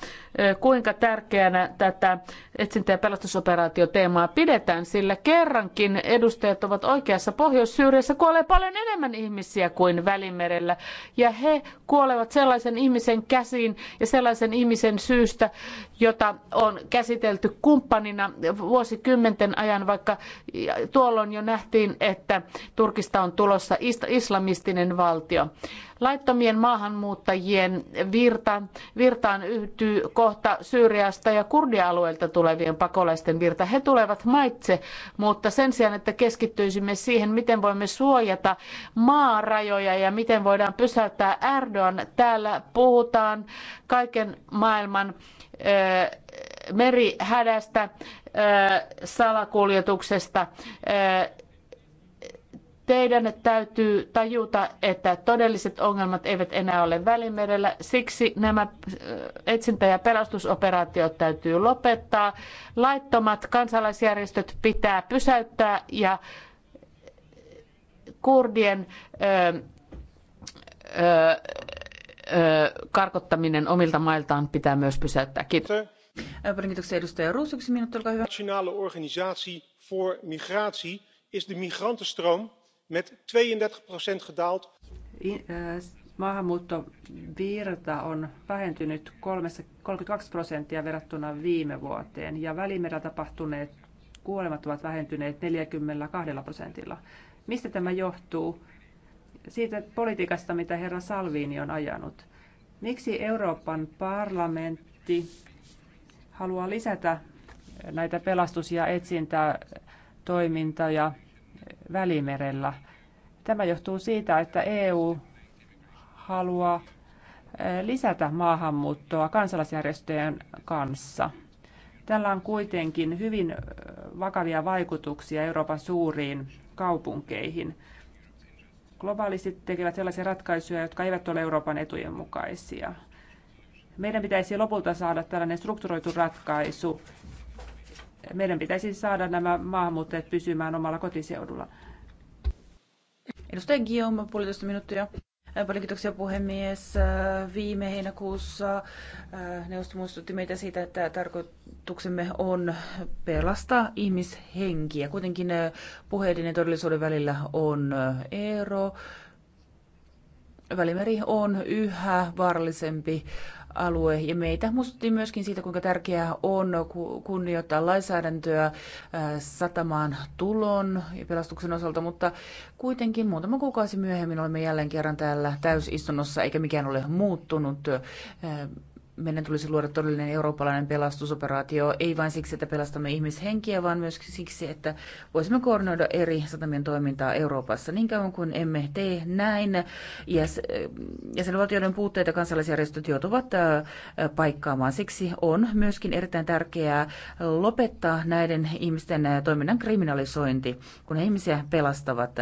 kuinka tärkeänä tätä etsintä- ja pelastusoperaatioteemaa pidetään, sillä kerrankin edustajat ovat oikeassa. Pohjois-Syyriassa kuolee paljon enemmän ihmisiä kuin Välimerellä, ja he kuolevat sellaisen ihmisen käsiin ja sellaisen ihmisen syystä, jota on käsitelty kumppanina vuosikymmenten ajan, vaikka tuolloin jo nähtiin, että Turkista on tulossa islamistinen valtio. Laittomien maahanmuuttajien virta, virtaan yhtyy kohta Syyriasta ja kurdialueelta tulevien pakolaisten virta. He tulevat maitse, mutta sen sijaan, että keskittyisimme siihen, miten voimme suojata maarajoja ja miten voidaan pysäyttää Erdogan, täällä puhutaan kaiken maailman merihädästä, salakuljetuksesta, Teidän täytyy tajuta, että todelliset ongelmat eivät enää ole välimerellä. Siksi nämä äh, etsintä- ja pelastusoperaatiot täytyy lopettaa. Laittomat kansalaisjärjestöt pitää pysäyttää ja kurdien ö, ö, ö, karkottaminen omilta mailtaan pitää myös pysäyttää. Kiitos. Kiitoksia edustaja Ruus. Yksi minuutti, olkaa hyvä. Nationale organisatie voor migratie is de migrantenstroom met 32 procent gedaald. Eh, maahanmuuttovirta on vähentynyt 32 prosenttia verrattuna viime vuoteen ja välimerellä tapahtuneet kuolemat ovat vähentyneet 42 prosentilla. Mistä tämä johtuu? Siitä politiikasta, mitä herra Salvini on ajanut. Miksi Euroopan parlamentti haluaa lisätä näitä pelastus- ja etsintätoimintoja Välimerellä. Tämä johtuu siitä, että EU haluaa lisätä maahanmuuttoa kansalaisjärjestöjen kanssa. Tällä on kuitenkin hyvin vakavia vaikutuksia Euroopan suuriin kaupunkeihin. Globaalistit tekevät sellaisia ratkaisuja, jotka eivät ole Euroopan etujen mukaisia. Meidän pitäisi lopulta saada tällainen strukturoitu ratkaisu meidän pitäisi saada nämä maahanmuuttajat pysymään omalla kotiseudulla. Edustaja Guillaume, puolitoista minuuttia. Äh, paljon kiitoksia puhemies. Äh, viime heinäkuussa äh, neuvosto muistutti meitä siitä, että tarkoituksemme on pelastaa ihmishenkiä. Kuitenkin puheiden ja todellisuuden välillä on ero. Välimeri on yhä vaarallisempi alue. Ja meitä muistuttiin myöskin siitä, kuinka tärkeää on kunnioittaa lainsäädäntöä äh, satamaan tulon ja pelastuksen osalta, mutta kuitenkin muutama kuukausi myöhemmin olemme jälleen kerran täällä täysistunnossa, eikä mikään ole muuttunut. Äh, meidän tulisi luoda todellinen eurooppalainen pelastusoperaatio, ei vain siksi, että pelastamme ihmishenkiä, vaan myös siksi, että voisimme koordinoida eri satamien toimintaa Euroopassa. Niin kauan kuin emme tee näin, jäsenvaltioiden puutteita kansalaisjärjestöt joutuvat äh, paikkaamaan. Siksi on myöskin erittäin tärkeää lopettaa näiden ihmisten äh, toiminnan kriminalisointi, kun he ihmisiä pelastavat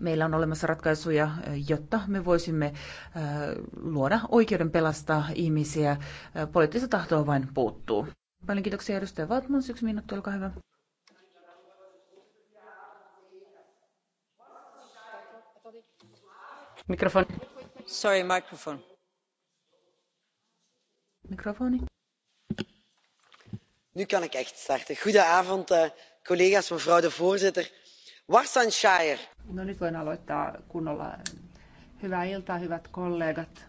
meillä on olemassa ratkaisuja, jotta me voisimme äh, luoda oikeuden pelastaa ihmisiä. Äh, poliittista tahtoa vain puuttuu. Paljon kiitoksia edustaja Valtman. Yksi minuutti, olkaa hyvä. Mikrofoni. Sorry, microphone. Mikrofoni. Nu kan ik echt starten. Goedenavond, eh, collega's, mevrouw de voorzitter Wassenshire. No nyt voin aloittaa kunnolla. Hyvää iltaa, hyvät kollegat.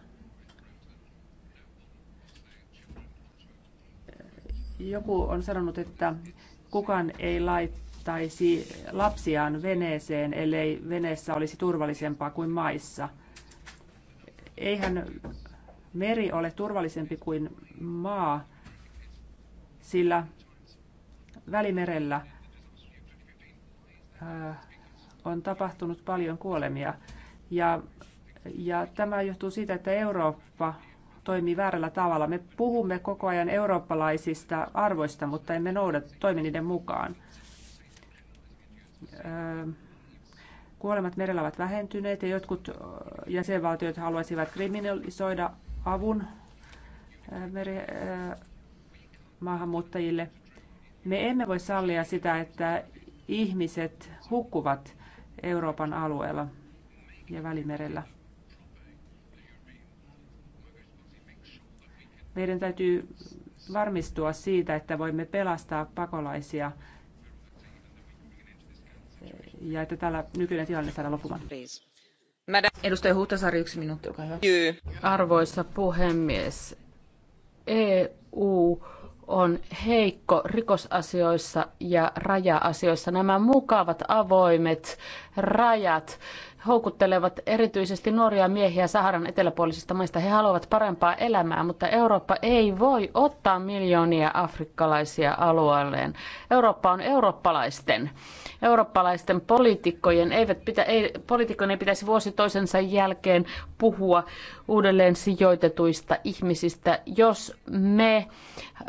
Joku on sanonut, että kukaan ei laittaisi lapsiaan veneeseen, ellei veneessä olisi turvallisempaa kuin maissa. Eihän meri ole turvallisempi kuin maa, sillä Välimerellä – on tapahtunut paljon kuolemia. Ja, ja tämä johtuu siitä, että Eurooppa toimii väärällä tavalla. Me puhumme koko ajan eurooppalaisista arvoista, mutta emme noudat toimi niiden mukaan. Kuolemat merellä ovat vähentyneet ja jotkut jäsenvaltiot haluaisivat kriminalisoida avun meri, maahanmuuttajille. Me emme voi sallia sitä, että ihmiset hukkuvat Euroopan alueella ja Välimerellä. Meidän täytyy varmistua siitä, että voimme pelastaa pakolaisia ja että tällä nykyinen tilanne saadaan loppumaan. Edustaja Huhtasaari, yksi minuutti, olkaa hyvä. Arvoisa puhemies, EU on heikko rikosasioissa ja raja-asioissa. Nämä mukavat avoimet rajat houkuttelevat erityisesti nuoria miehiä Saharan eteläpuolisista maista. He haluavat parempaa elämää, mutta Eurooppa ei voi ottaa miljoonia afrikkalaisia alueelleen. Eurooppa on eurooppalaisten. Eurooppalaisten poliitikkojen, eivät pitä, ei, poliitikkojen ei pitäisi vuosi toisensa jälkeen puhua uudelleen sijoitetuista ihmisistä, jos me ö,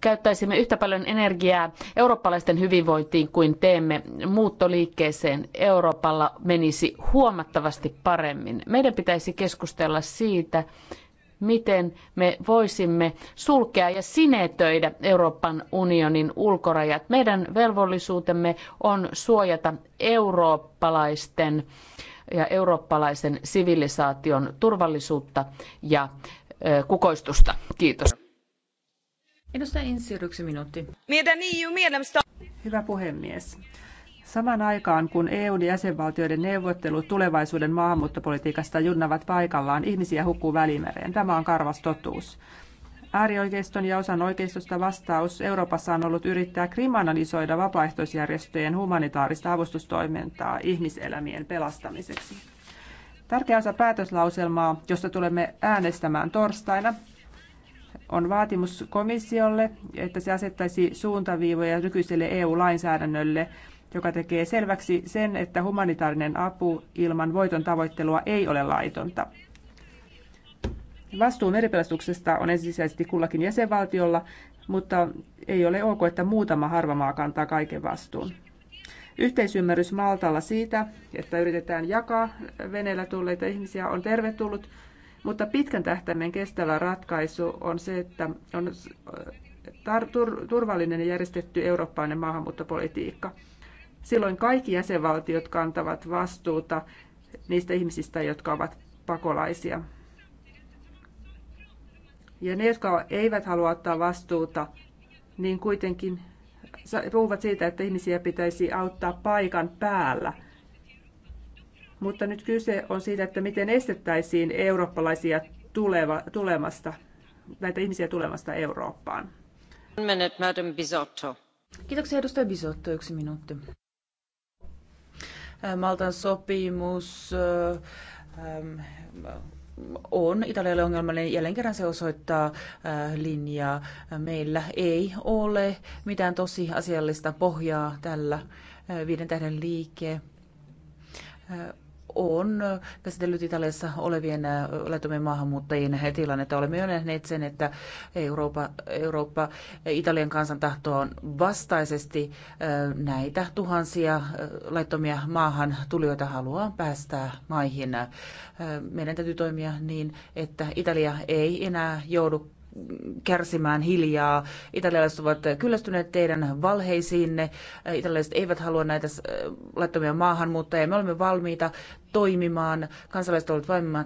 käyttäisimme yhtä paljon energiaa eurooppalaisten hyvinvointiin kuin teemme muuttoliikkeeseen. Euroopalla menisi toimisi huomattavasti paremmin. Meidän pitäisi keskustella siitä, miten me voisimme sulkea ja sinetöidä Euroopan unionin ulkorajat. Meidän velvollisuutemme on suojata eurooppalaisten ja eurooppalaisen sivilisaation turvallisuutta ja kukoistusta. Kiitos. Edustaja Insir, yksi minuutti. E Hyvä puhemies. Saman aikaan, kun EUn ja jäsenvaltioiden neuvottelut tulevaisuuden maahanmuuttopolitiikasta junnavat paikallaan, ihmisiä hukkuu välimereen. Tämä on karvas totuus. Äärioikeiston ja osan oikeistosta vastaus Euroopassa on ollut yrittää kriminalisoida vapaaehtoisjärjestöjen humanitaarista avustustoimintaa ihmiselämien pelastamiseksi. Tärkeä osa päätöslauselmaa, josta tulemme äänestämään torstaina, on vaatimus komissiolle, että se asettaisi suuntaviivoja nykyiselle EU-lainsäädännölle joka tekee selväksi sen, että humanitaarinen apu ilman voiton tavoittelua ei ole laitonta. Vastuu meripelastuksesta on ensisijaisesti kullakin jäsenvaltiolla, mutta ei ole ok, että muutama harva maa kantaa kaiken vastuun. Yhteisymmärrys Maltalla siitä, että yritetään jakaa veneellä tulleita ihmisiä, on tervetullut, mutta pitkän tähtäimen kestävä ratkaisu on se, että on turvallinen ja järjestetty eurooppalainen maahanmuuttopolitiikka. Silloin kaikki jäsenvaltiot kantavat vastuuta niistä ihmisistä, jotka ovat pakolaisia. Ja ne, jotka eivät halua ottaa vastuuta, niin kuitenkin puhuvat siitä, että ihmisiä pitäisi auttaa paikan päällä. Mutta nyt kyse on siitä, että miten estettäisiin eurooppalaisia tuleva, tulemasta, näitä ihmisiä tulemasta Eurooppaan. Madam Bisotto. Kiitoksia edustaja Bisotto, yksi minuutti. Äh, Maltan sopimus äh, ähm, on Italialle ongelmallinen. Jälleen kerran se osoittaa äh, linjaa. Meillä ei ole mitään tosi asiallista pohjaa tällä viiden tähden liikkeen on käsitellyt Italiassa olevien äh, laittomien maahanmuuttajien tilannetta. Olemme jo nähneet sen, että Eurooppa, Eurooppa Italian kansan tahto on vastaisesti äh, näitä tuhansia äh, laittomia maahan tulijoita haluaa päästää maihin. Meidän täytyy toimia niin, että Italia ei enää joudu kärsimään hiljaa. Italialaiset ovat kyllästyneet teidän valheisiinne. Italialaiset eivät halua näitä äh, laittomia maahanmuuttajia. Me olemme valmiita toimimaan. Kansalaiset ovat valmiita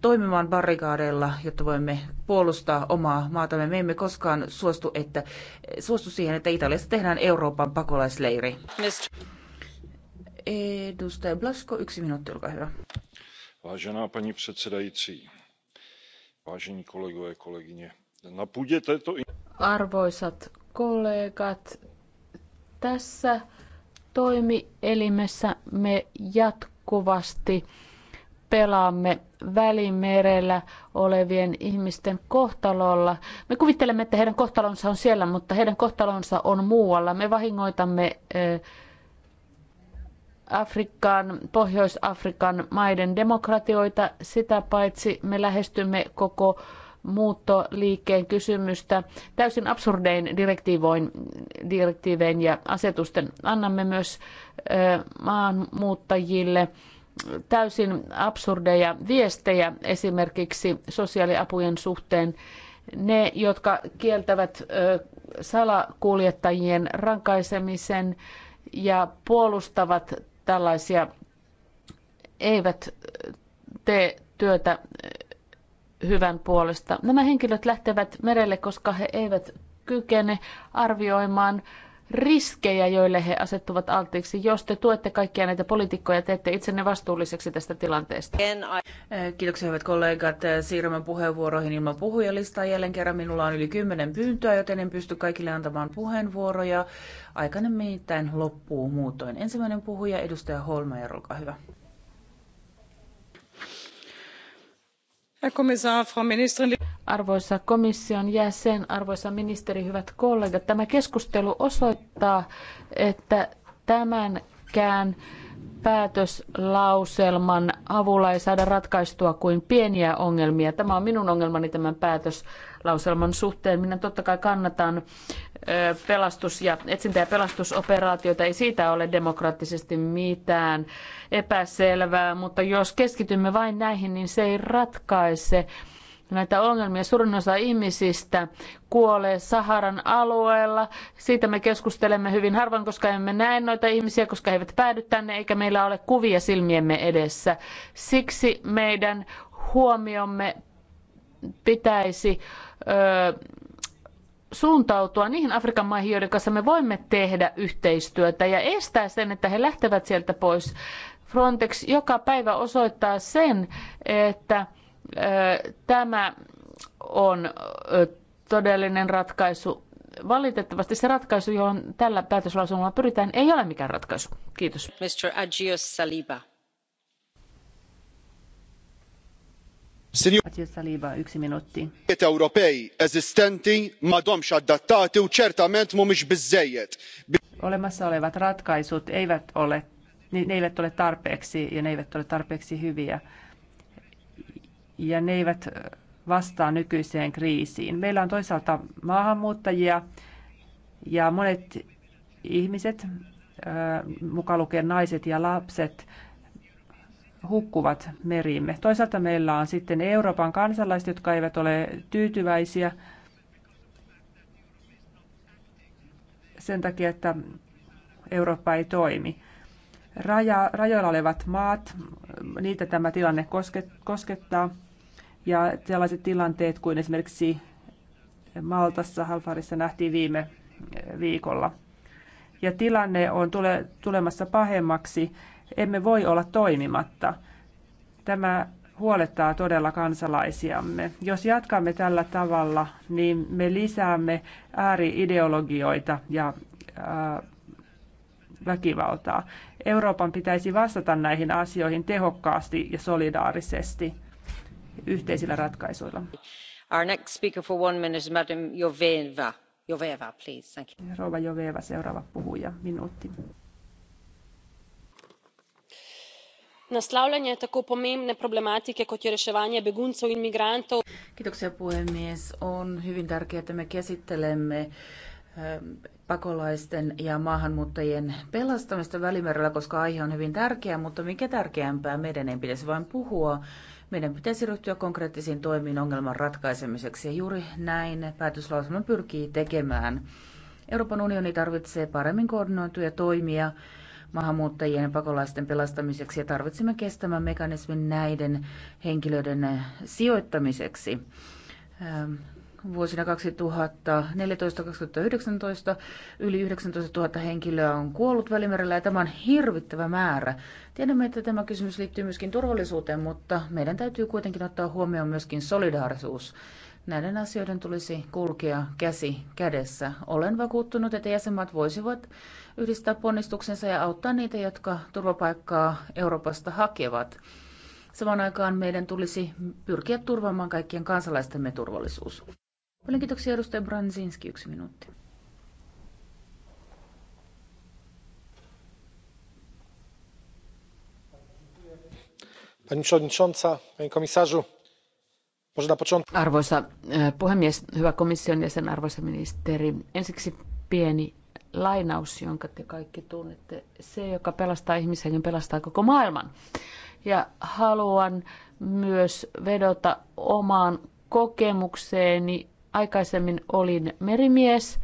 toimimaan barrikaadeilla, jotta voimme puolustaa omaa maatamme. Me emme koskaan suostu, että, suostu siihen, että Italiasta tehdään Euroopan pakolaisleiri. Edustaja Blasko, yksi minuutti, olkaa hyvä. Vážená paní předsedající, Arvoisat kollegat, tässä toimielimessä me jatkuvasti pelaamme välimerellä olevien ihmisten kohtalolla. Me kuvittelemme, että heidän kohtalonsa on siellä, mutta heidän kohtalonsa on muualla. Me vahingoitamme eh, Afrikan, Pohjois-Afrikan maiden demokratioita. Sitä paitsi me lähestymme koko muuttoliikkeen kysymystä täysin absurdein direktiivoin, direktiivein ja asetusten. Annamme myös ö, maanmuuttajille täysin absurdeja viestejä esimerkiksi sosiaaliapujen suhteen. Ne, jotka kieltävät ö, salakuljettajien rankaisemisen ja puolustavat tällaisia eivät tee työtä hyvän puolesta. Nämä henkilöt lähtevät merelle, koska he eivät kykene arvioimaan riskejä, joille he asettuvat alttiiksi, jos te tuette kaikkia näitä poliitikkoja teette itsenne vastuulliseksi tästä tilanteesta. Kiitoksia hyvät kollegat. Siirrymme puheenvuoroihin ilman puhujalistaa. Jälleen kerran minulla on yli kymmenen pyyntöä, joten en pysty kaikille antamaan puheenvuoroja. Aikainen mitään loppuu muutoin. Ensimmäinen puhuja, edustaja Holmeer, olkaa hyvä. Arvoisa komission jäsen, arvoisa ministeri, hyvät kollegat, tämä keskustelu osoittaa, että tämänkään päätöslauselman avulla ei saada ratkaistua kuin pieniä ongelmia. Tämä on minun ongelmani tämän päätös lauselman suhteen. Minä totta kai kannatan pelastus- ja etsintä- ja pelastusoperaatioita. Ei siitä ole demokraattisesti mitään epäselvää, mutta jos keskitymme vain näihin, niin se ei ratkaise näitä ongelmia. Suurin osa ihmisistä kuolee Saharan alueella. Siitä me keskustelemme hyvin harvoin, koska emme näe noita ihmisiä, koska he eivät päädy tänne, eikä meillä ole kuvia silmiemme edessä. Siksi meidän huomiomme pitäisi suuntautua niihin Afrikan maihin, joiden kanssa me voimme tehdä yhteistyötä ja estää sen, että he lähtevät sieltä pois. Frontex joka päivä osoittaa sen, että tämä on todellinen ratkaisu. Valitettavasti se ratkaisu, johon tällä päätöslauselmalla pyritään, ei ole mikään ratkaisu. Kiitos. Mr. Agios Saliba. l ewropej eżistenti m'għadhomx adattati u ċertament mhumiex biżżejjed. olemassa olevat ratkaisut eivät ole ne eivät ole tarpeeksi ja ne eivät ole tarpeeksi hyviä ja ne eivät vastaa nykyiseen kriisiin. Meillä on toisaalta maahanmuuttajia ja monet ihmiset, mukaan lukien naiset ja lapset, hukkuvat meriimme. Toisaalta meillä on sitten Euroopan kansalaiset, jotka eivät ole tyytyväisiä sen takia, että Eurooppa ei toimi. Raja, rajoilla olevat maat, niitä tämä tilanne koske, koskettaa. Ja sellaiset tilanteet kuin esimerkiksi Maltassa, Halfarissa nähtiin viime viikolla. Ja tilanne on tule, tulemassa pahemmaksi emme voi olla toimimatta. Tämä huolettaa todella kansalaisiamme. Jos jatkamme tällä tavalla, niin me lisäämme ääriideologioita ja ää, väkivaltaa. Euroopan pitäisi vastata näihin asioihin tehokkaasti ja solidaarisesti yhteisillä ratkaisuilla. Our next speaker for one minute is Madam Joveva. Joveva, please. Thank you. Rouva Joveva, seuraava puhuja, minuutti. Naslavljanje tako pomembne problematike, kot je reševanje beguncev in migrantov. Kiitoksia puhemies. On hyvin tärkeää, että me käsittelemme ähm, pakolaisten ja maahanmuuttajien pelastamista Välimerellä, koska aihe on hyvin tärkeä, mutta mikä tärkeämpää, meidän ei pitäisi vain puhua, meidän pitäisi ryhtyä konkreettisiin toimiin ongelman ratkaisemiseksi. Ja juuri näin päätöslauselma pyrkii tekemään. Euroopan unioni tarvitsee paremmin koordinoituja toimia maahanmuuttajien ja pakolaisten pelastamiseksi ja tarvitsemme kestämään mekanismin näiden henkilöiden äh, sijoittamiseksi. Ähm, vuosina 2014-2019 yli 19 000 henkilöä on kuollut Välimerellä ja tämä on hirvittävä määrä. Tiedämme, että tämä kysymys liittyy myöskin turvallisuuteen, mutta meidän täytyy kuitenkin ottaa huomioon myöskin solidaarisuus. Näiden asioiden tulisi kulkea käsi kädessä. Olen vakuuttunut, että jäsenmaat voisivat yhdistää ponnistuksensa ja auttaa niitä, jotka turvapaikkaa Euroopasta hakevat. Samaan aikaan meidän tulisi pyrkiä turvaamaan kaikkien kansalaistemme turvallisuus. Paljon kiitoksia edustaja Bransinski, yksi minuutti. Pani przewodnicząca, panie komisarzu! Arvoisa e, puhemies, hyvä komission jäsen, arvoisa ministeri. Ensiksi pieni lainaus, jonka te kaikki tunnette. Se, joka pelastaa ihmisen, niin pelastaa koko maailman. Ja haluan myös vedota omaan kokemukseeni. Aikaisemmin olin merimies,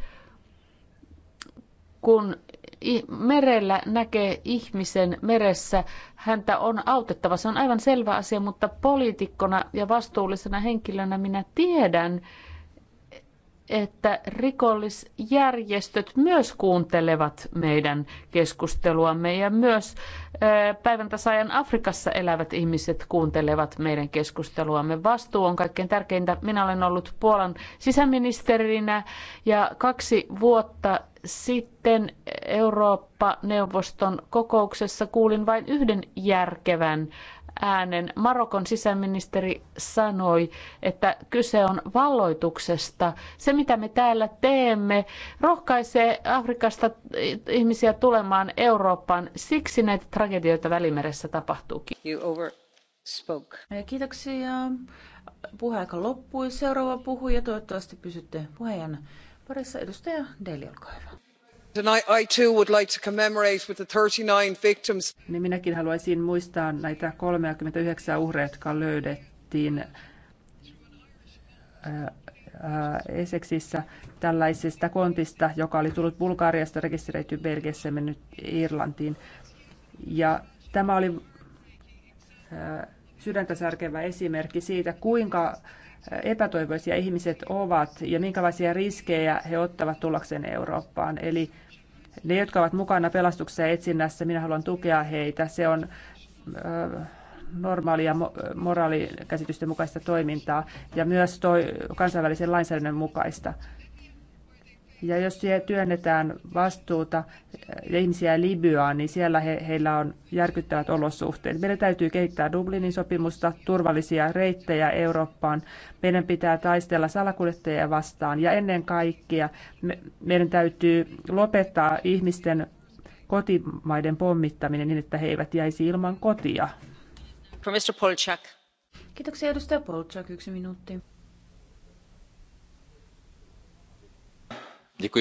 kun merellä näkee ihmisen meressä, häntä on autettava. Se on aivan selvä asia, mutta poliitikkona ja vastuullisena henkilönä minä tiedän, että rikollisjärjestöt myös kuuntelevat meidän keskusteluamme ja myös päivän tasaajan Afrikassa elävät ihmiset kuuntelevat meidän keskusteluamme. Vastuu on kaikkein tärkeintä. Minä olen ollut Puolan sisäministerinä ja kaksi vuotta sitten Eurooppa-neuvoston kokouksessa kuulin vain yhden järkevän äänen. Marokon sisäministeri sanoi, että kyse on valloituksesta. Se, mitä me täällä teemme, rohkaisee Afrikasta ihmisiä tulemaan Eurooppaan. Siksi näitä tragedioita Välimeressä tapahtuukin. Äh, kiitoksia. Puheaika loppui. Seuraava puhuja. Toivottavasti pysytte puheen parissa. Edustaja Deli, olkaa hyvä. Niin minäkin haluaisin muistaa näitä 39 uhreja, jotka löydettiin äh, äh, Eseksissä tällaisesta kontista, joka oli tullut Bulgariasta, rekisteröity Belgiassa ja mennyt Irlantiin. Ja tämä oli äh, sydäntä särkevä esimerkki siitä, kuinka epätoivoisia ihmiset ovat ja minkälaisia riskejä he ottavat tullakseen Eurooppaan. Eli ne, jotka ovat mukana pelastuksessa ja etsinnässä, minä haluan tukea heitä. Se on normaalia moraalikäsitysten mukaista toimintaa ja myös toi kansainvälisen lainsäädännön mukaista. Ja jos työnnetään vastuuta eh, ja ihmisiä Libyaan, niin siellä he, heillä on järkyttävät olosuhteet. Meidän täytyy kehittää Dublinin sopimusta, turvallisia reittejä Eurooppaan. Meidän pitää taistella salakuljettajia vastaan ja ennen kaikkea me, meidän täytyy lopettaa ihmisten kotimaiden pommittaminen niin, että he eivät jäisi ilman kotia. Mr. Polchak. Kiitoksia edustaja Polchak, yksi minuutti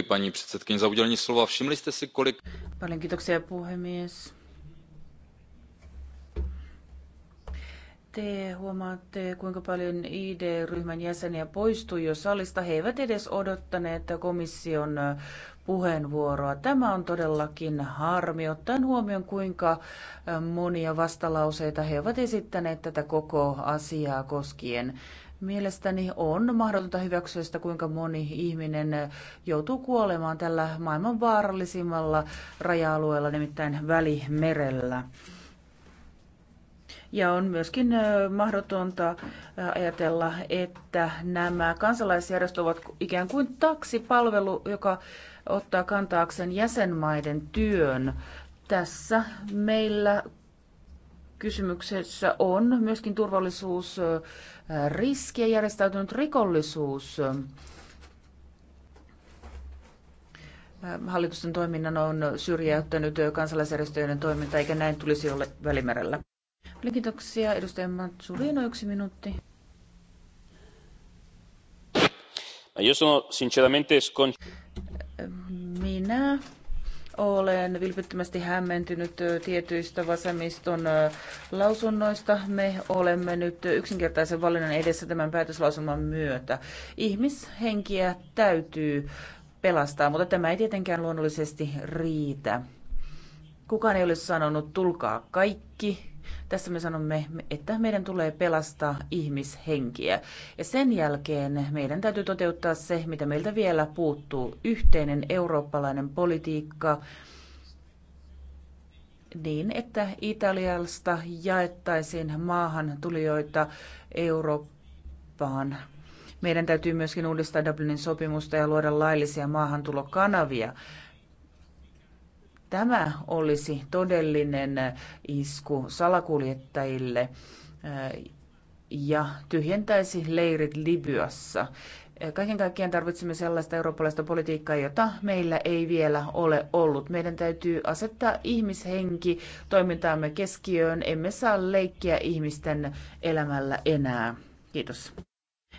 paní předsedající všimli jste si kolik. paljon puhemies. Te kuinka paljon ID-ryhmän jäseniä poistui jo salista. He eivät edes odottaneet komission puheenvuoroa. Tämä on todellakin harmi, ottaen huomioon kuinka monia vastalauseita he ovat esittäneet tätä koko asiaa koskien. Mielestäni on mahdotonta hyväksyä sitä, kuinka moni ihminen joutuu kuolemaan tällä maailman vaarallisimmalla raja-alueella, nimittäin Välimerellä. Ja on myöskin mahdotonta ajatella, että nämä kansalaisjärjestöt ovat ikään kuin taksipalvelu, joka ottaa kantaakseen jäsenmaiden työn. Tässä meillä kysymyksessä on myöskin turvallisuusriski ja järjestäytynyt rikollisuus. Hallitusten toiminnan on syrjäyttänyt kansalaisjärjestöjen toiminta, eikä näin tulisi olla välimerellä. Kiitoksia. Edustaja Matsulino, yksi minuutti. Minä olen vilpittömästi hämmentynyt tietyistä vasemmiston lausunnoista. Me olemme nyt yksinkertaisen valinnan edessä tämän päätöslausuman myötä. Ihmishenkiä täytyy pelastaa, mutta tämä ei tietenkään luonnollisesti riitä. Kukaan ei ole sanonut, tulkaa kaikki tässä me sanomme, että meidän tulee pelastaa ihmishenkiä. Ja sen jälkeen meidän täytyy toteuttaa se, mitä meiltä vielä puuttuu. Yhteinen eurooppalainen politiikka niin, että Italiasta jaettaisiin maahan tulijoita Eurooppaan. Meidän täytyy myöskin uudistaa Dublinin sopimusta ja luoda laillisia maahantulokanavia. Tämä olisi todellinen isku salakuljettajille äh, ja tyhjentäisi leirit Libyassa. Kaiken kaikkiaan tarvitsemme sellaista eurooppalaista politiikkaa, jota meillä ei vielä ole ollut. Meidän täytyy asettaa ihmishenki toimintaamme keskiöön. Emme saa leikkiä ihmisten elämällä enää. Kiitos.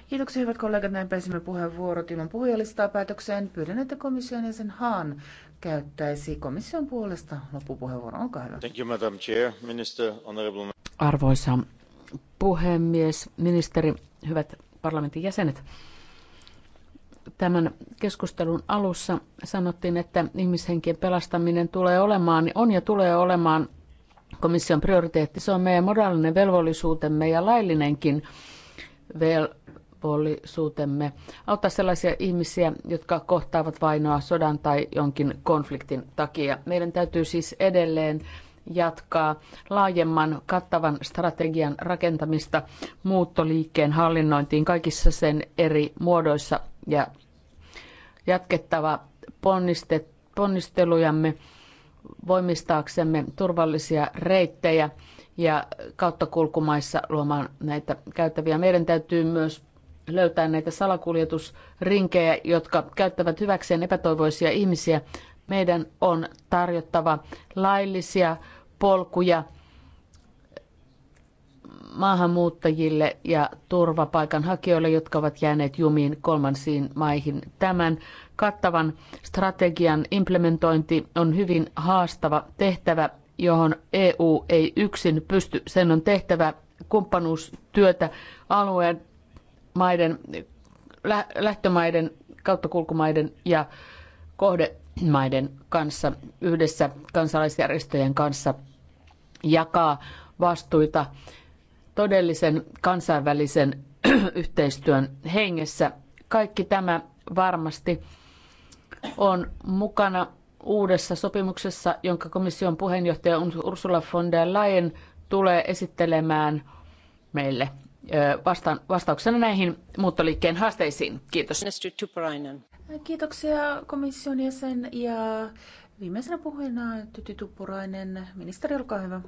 Kiitoksia hyvät kollegat, näin pääsimme puheenvuorot ilman puhujalistaa päätökseen. Pyydän, että komission jäsen Haan käyttäisi komission puolesta loppupuheenvuoron. Olkaa hyvä. Thank you, Madam Chair, Minister, Honorable... Arvoisa puhemies, ministeri, hyvät parlamentin jäsenet. Tämän keskustelun alussa sanottiin, että ihmishenkien pelastaminen tulee olemaan, on ja tulee olemaan komission prioriteetti. Se on meidän moraalinen velvollisuutemme ja laillinenkin vel- velvollisuutemme auttaa sellaisia ihmisiä, jotka kohtaavat vainoa sodan tai jonkin konfliktin takia. Meidän täytyy siis edelleen jatkaa laajemman kattavan strategian rakentamista muuttoliikkeen hallinnointiin kaikissa sen eri muodoissa ja jatkettava ponnistelujamme voimistaaksemme turvallisia reittejä ja kauttakulkumaissa luomaan näitä käytäviä. Meidän täytyy myös löytää näitä salakuljetusrinkejä, jotka käyttävät hyväkseen epätoivoisia ihmisiä. Meidän on tarjottava laillisia polkuja maahanmuuttajille ja turvapaikanhakijoille, jotka ovat jääneet jumiin kolmansiin maihin. Tämän kattavan strategian implementointi on hyvin haastava tehtävä, johon EU ei yksin pysty. Sen on tehtävä kumppanuustyötä alueen maiden, lähtömaiden, kauttakulkumaiden ja kohdemaiden kanssa yhdessä kansalaisjärjestöjen kanssa jakaa vastuita todellisen kansainvälisen yhteistyön hengessä. Kaikki tämä varmasti on mukana uudessa sopimuksessa, jonka komission puheenjohtaja Ursula von der Leyen tulee esittelemään meille vastaan, vastauksena näihin muuttoliikkeen haasteisiin. Kiitos. Kiitoksia komission jäsen ja viimeisenä puheena Tytti Tuppurainen. Ministeri, olkaa hyvä.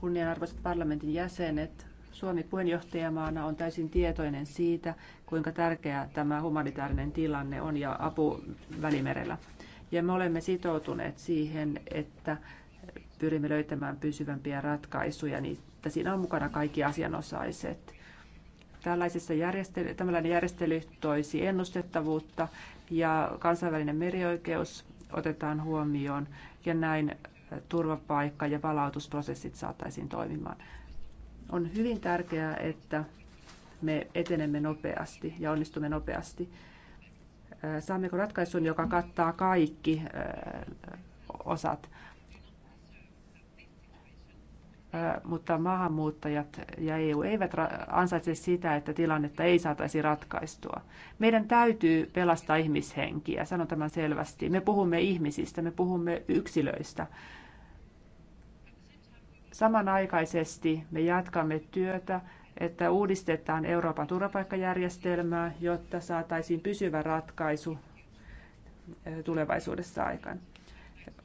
Kunnianarvoiset parlamentin jäsenet, Suomi puheenjohtajamaana on täysin tietoinen siitä, kuinka tärkeä tämä humanitaarinen tilanne on ja apu Välimerellä. Ja me olemme sitoutuneet siihen, että pyrimme löytämään pysyvämpiä ratkaisuja, niin että siinä on mukana kaikki asianosaiset. Tällaisessa järjestely, tällainen järjestely toisi ennustettavuutta ja kansainvälinen merioikeus otetaan huomioon ja näin turvapaikka- ja palautusprosessit saataisiin toimimaan. On hyvin tärkeää, että me etenemme nopeasti ja onnistumme nopeasti. Saammeko ratkaisun, joka kattaa kaikki osat? mutta maahanmuuttajat ja EU eivät ansaitse sitä, että tilannetta ei saataisi ratkaistua. Meidän täytyy pelastaa ihmishenkiä, sanon tämän selvästi. Me puhumme ihmisistä, me puhumme yksilöistä. Samanaikaisesti me jatkamme työtä, että uudistetaan Euroopan turvapaikkajärjestelmää, jotta saataisiin pysyvä ratkaisu tulevaisuudessa aikaan.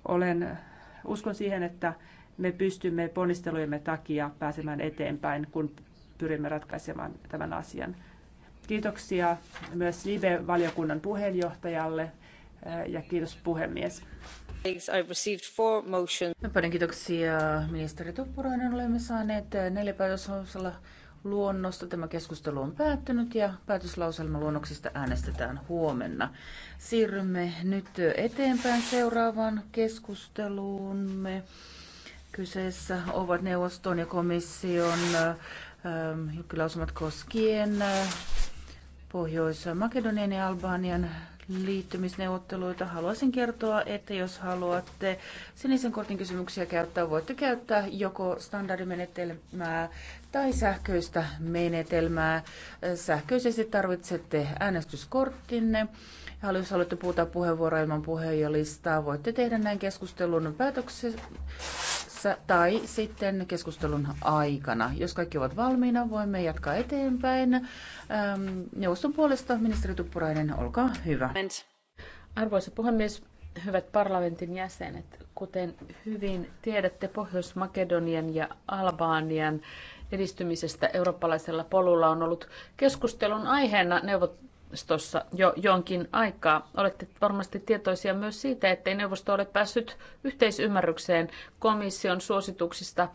Olen, uskon siihen, että me pystymme ponnistelujemme takia pääsemään eteenpäin, kun pyrimme ratkaisemaan tämän asian. Kiitoksia myös LIBE-valiokunnan puheenjohtajalle eh, ja kiitos puhemies. No, paljon kiitoksia ministeri Tuppurainen. Olemme saaneet eh, neljä päätöslauselma luonnosta. Tämä keskustelu on päättynyt ja päätöslauselma luonnoksista äänestetään huomenna. Siirrymme nyt eh, eteenpäin seuraavaan keskusteluumme. Kyseessä ovat neuvoston ja komission ähm, julkilausumat koskien äh, Pohjois-Makedonian ja Albanian liittymisneuvotteluita. Haluaisin kertoa, että jos haluatte sinisen kortin kysymyksiä käyttää, voitte käyttää joko standardimenetelmää tai sähköistä menetelmää. Sähköisesti tarvitsette äänestyskorttinne ja hallitus haluatte puhuta puheenvuoroa ilman puheenjohtajalistaa, voitte tehdä näin keskustelun päätöksessä tai sitten keskustelun aikana. Jos kaikki ovat valmiina, voimme jatkaa eteenpäin. Ähm, neuvoston puolesta ministeri Tuppurainen, olkaa hyvä. Arvoisa puhemies, hyvät parlamentin jäsenet, kuten hyvin tiedätte, Pohjois-Makedonian ja Albanian edistymisestä eurooppalaisella polulla on ollut keskustelun aiheena neuvot- neuvostossa jo jonkin aikaa. Olette varmasti tietoisia myös siitä, ettei neuvosto ole päässyt yhteisymmärrykseen komission suosituksista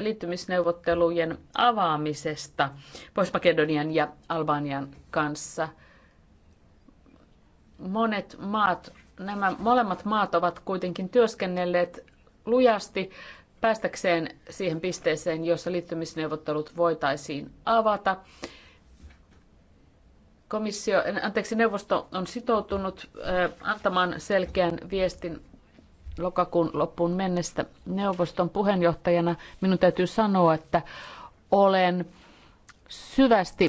liittymisneuvottelujen avaamisesta Pohjois-Makedonian ja Albanian kanssa. Monet maat, nämä molemmat maat ovat kuitenkin työskennelleet lujasti päästäkseen siihen pisteeseen, jossa liittymisneuvottelut voitaisiin avata. Komissio, anteeksi, neuvosto on sitoutunut antamaan selkeän viestin lokakuun loppuun mennessä neuvoston puheenjohtajana. Minun täytyy sanoa, että olen syvästi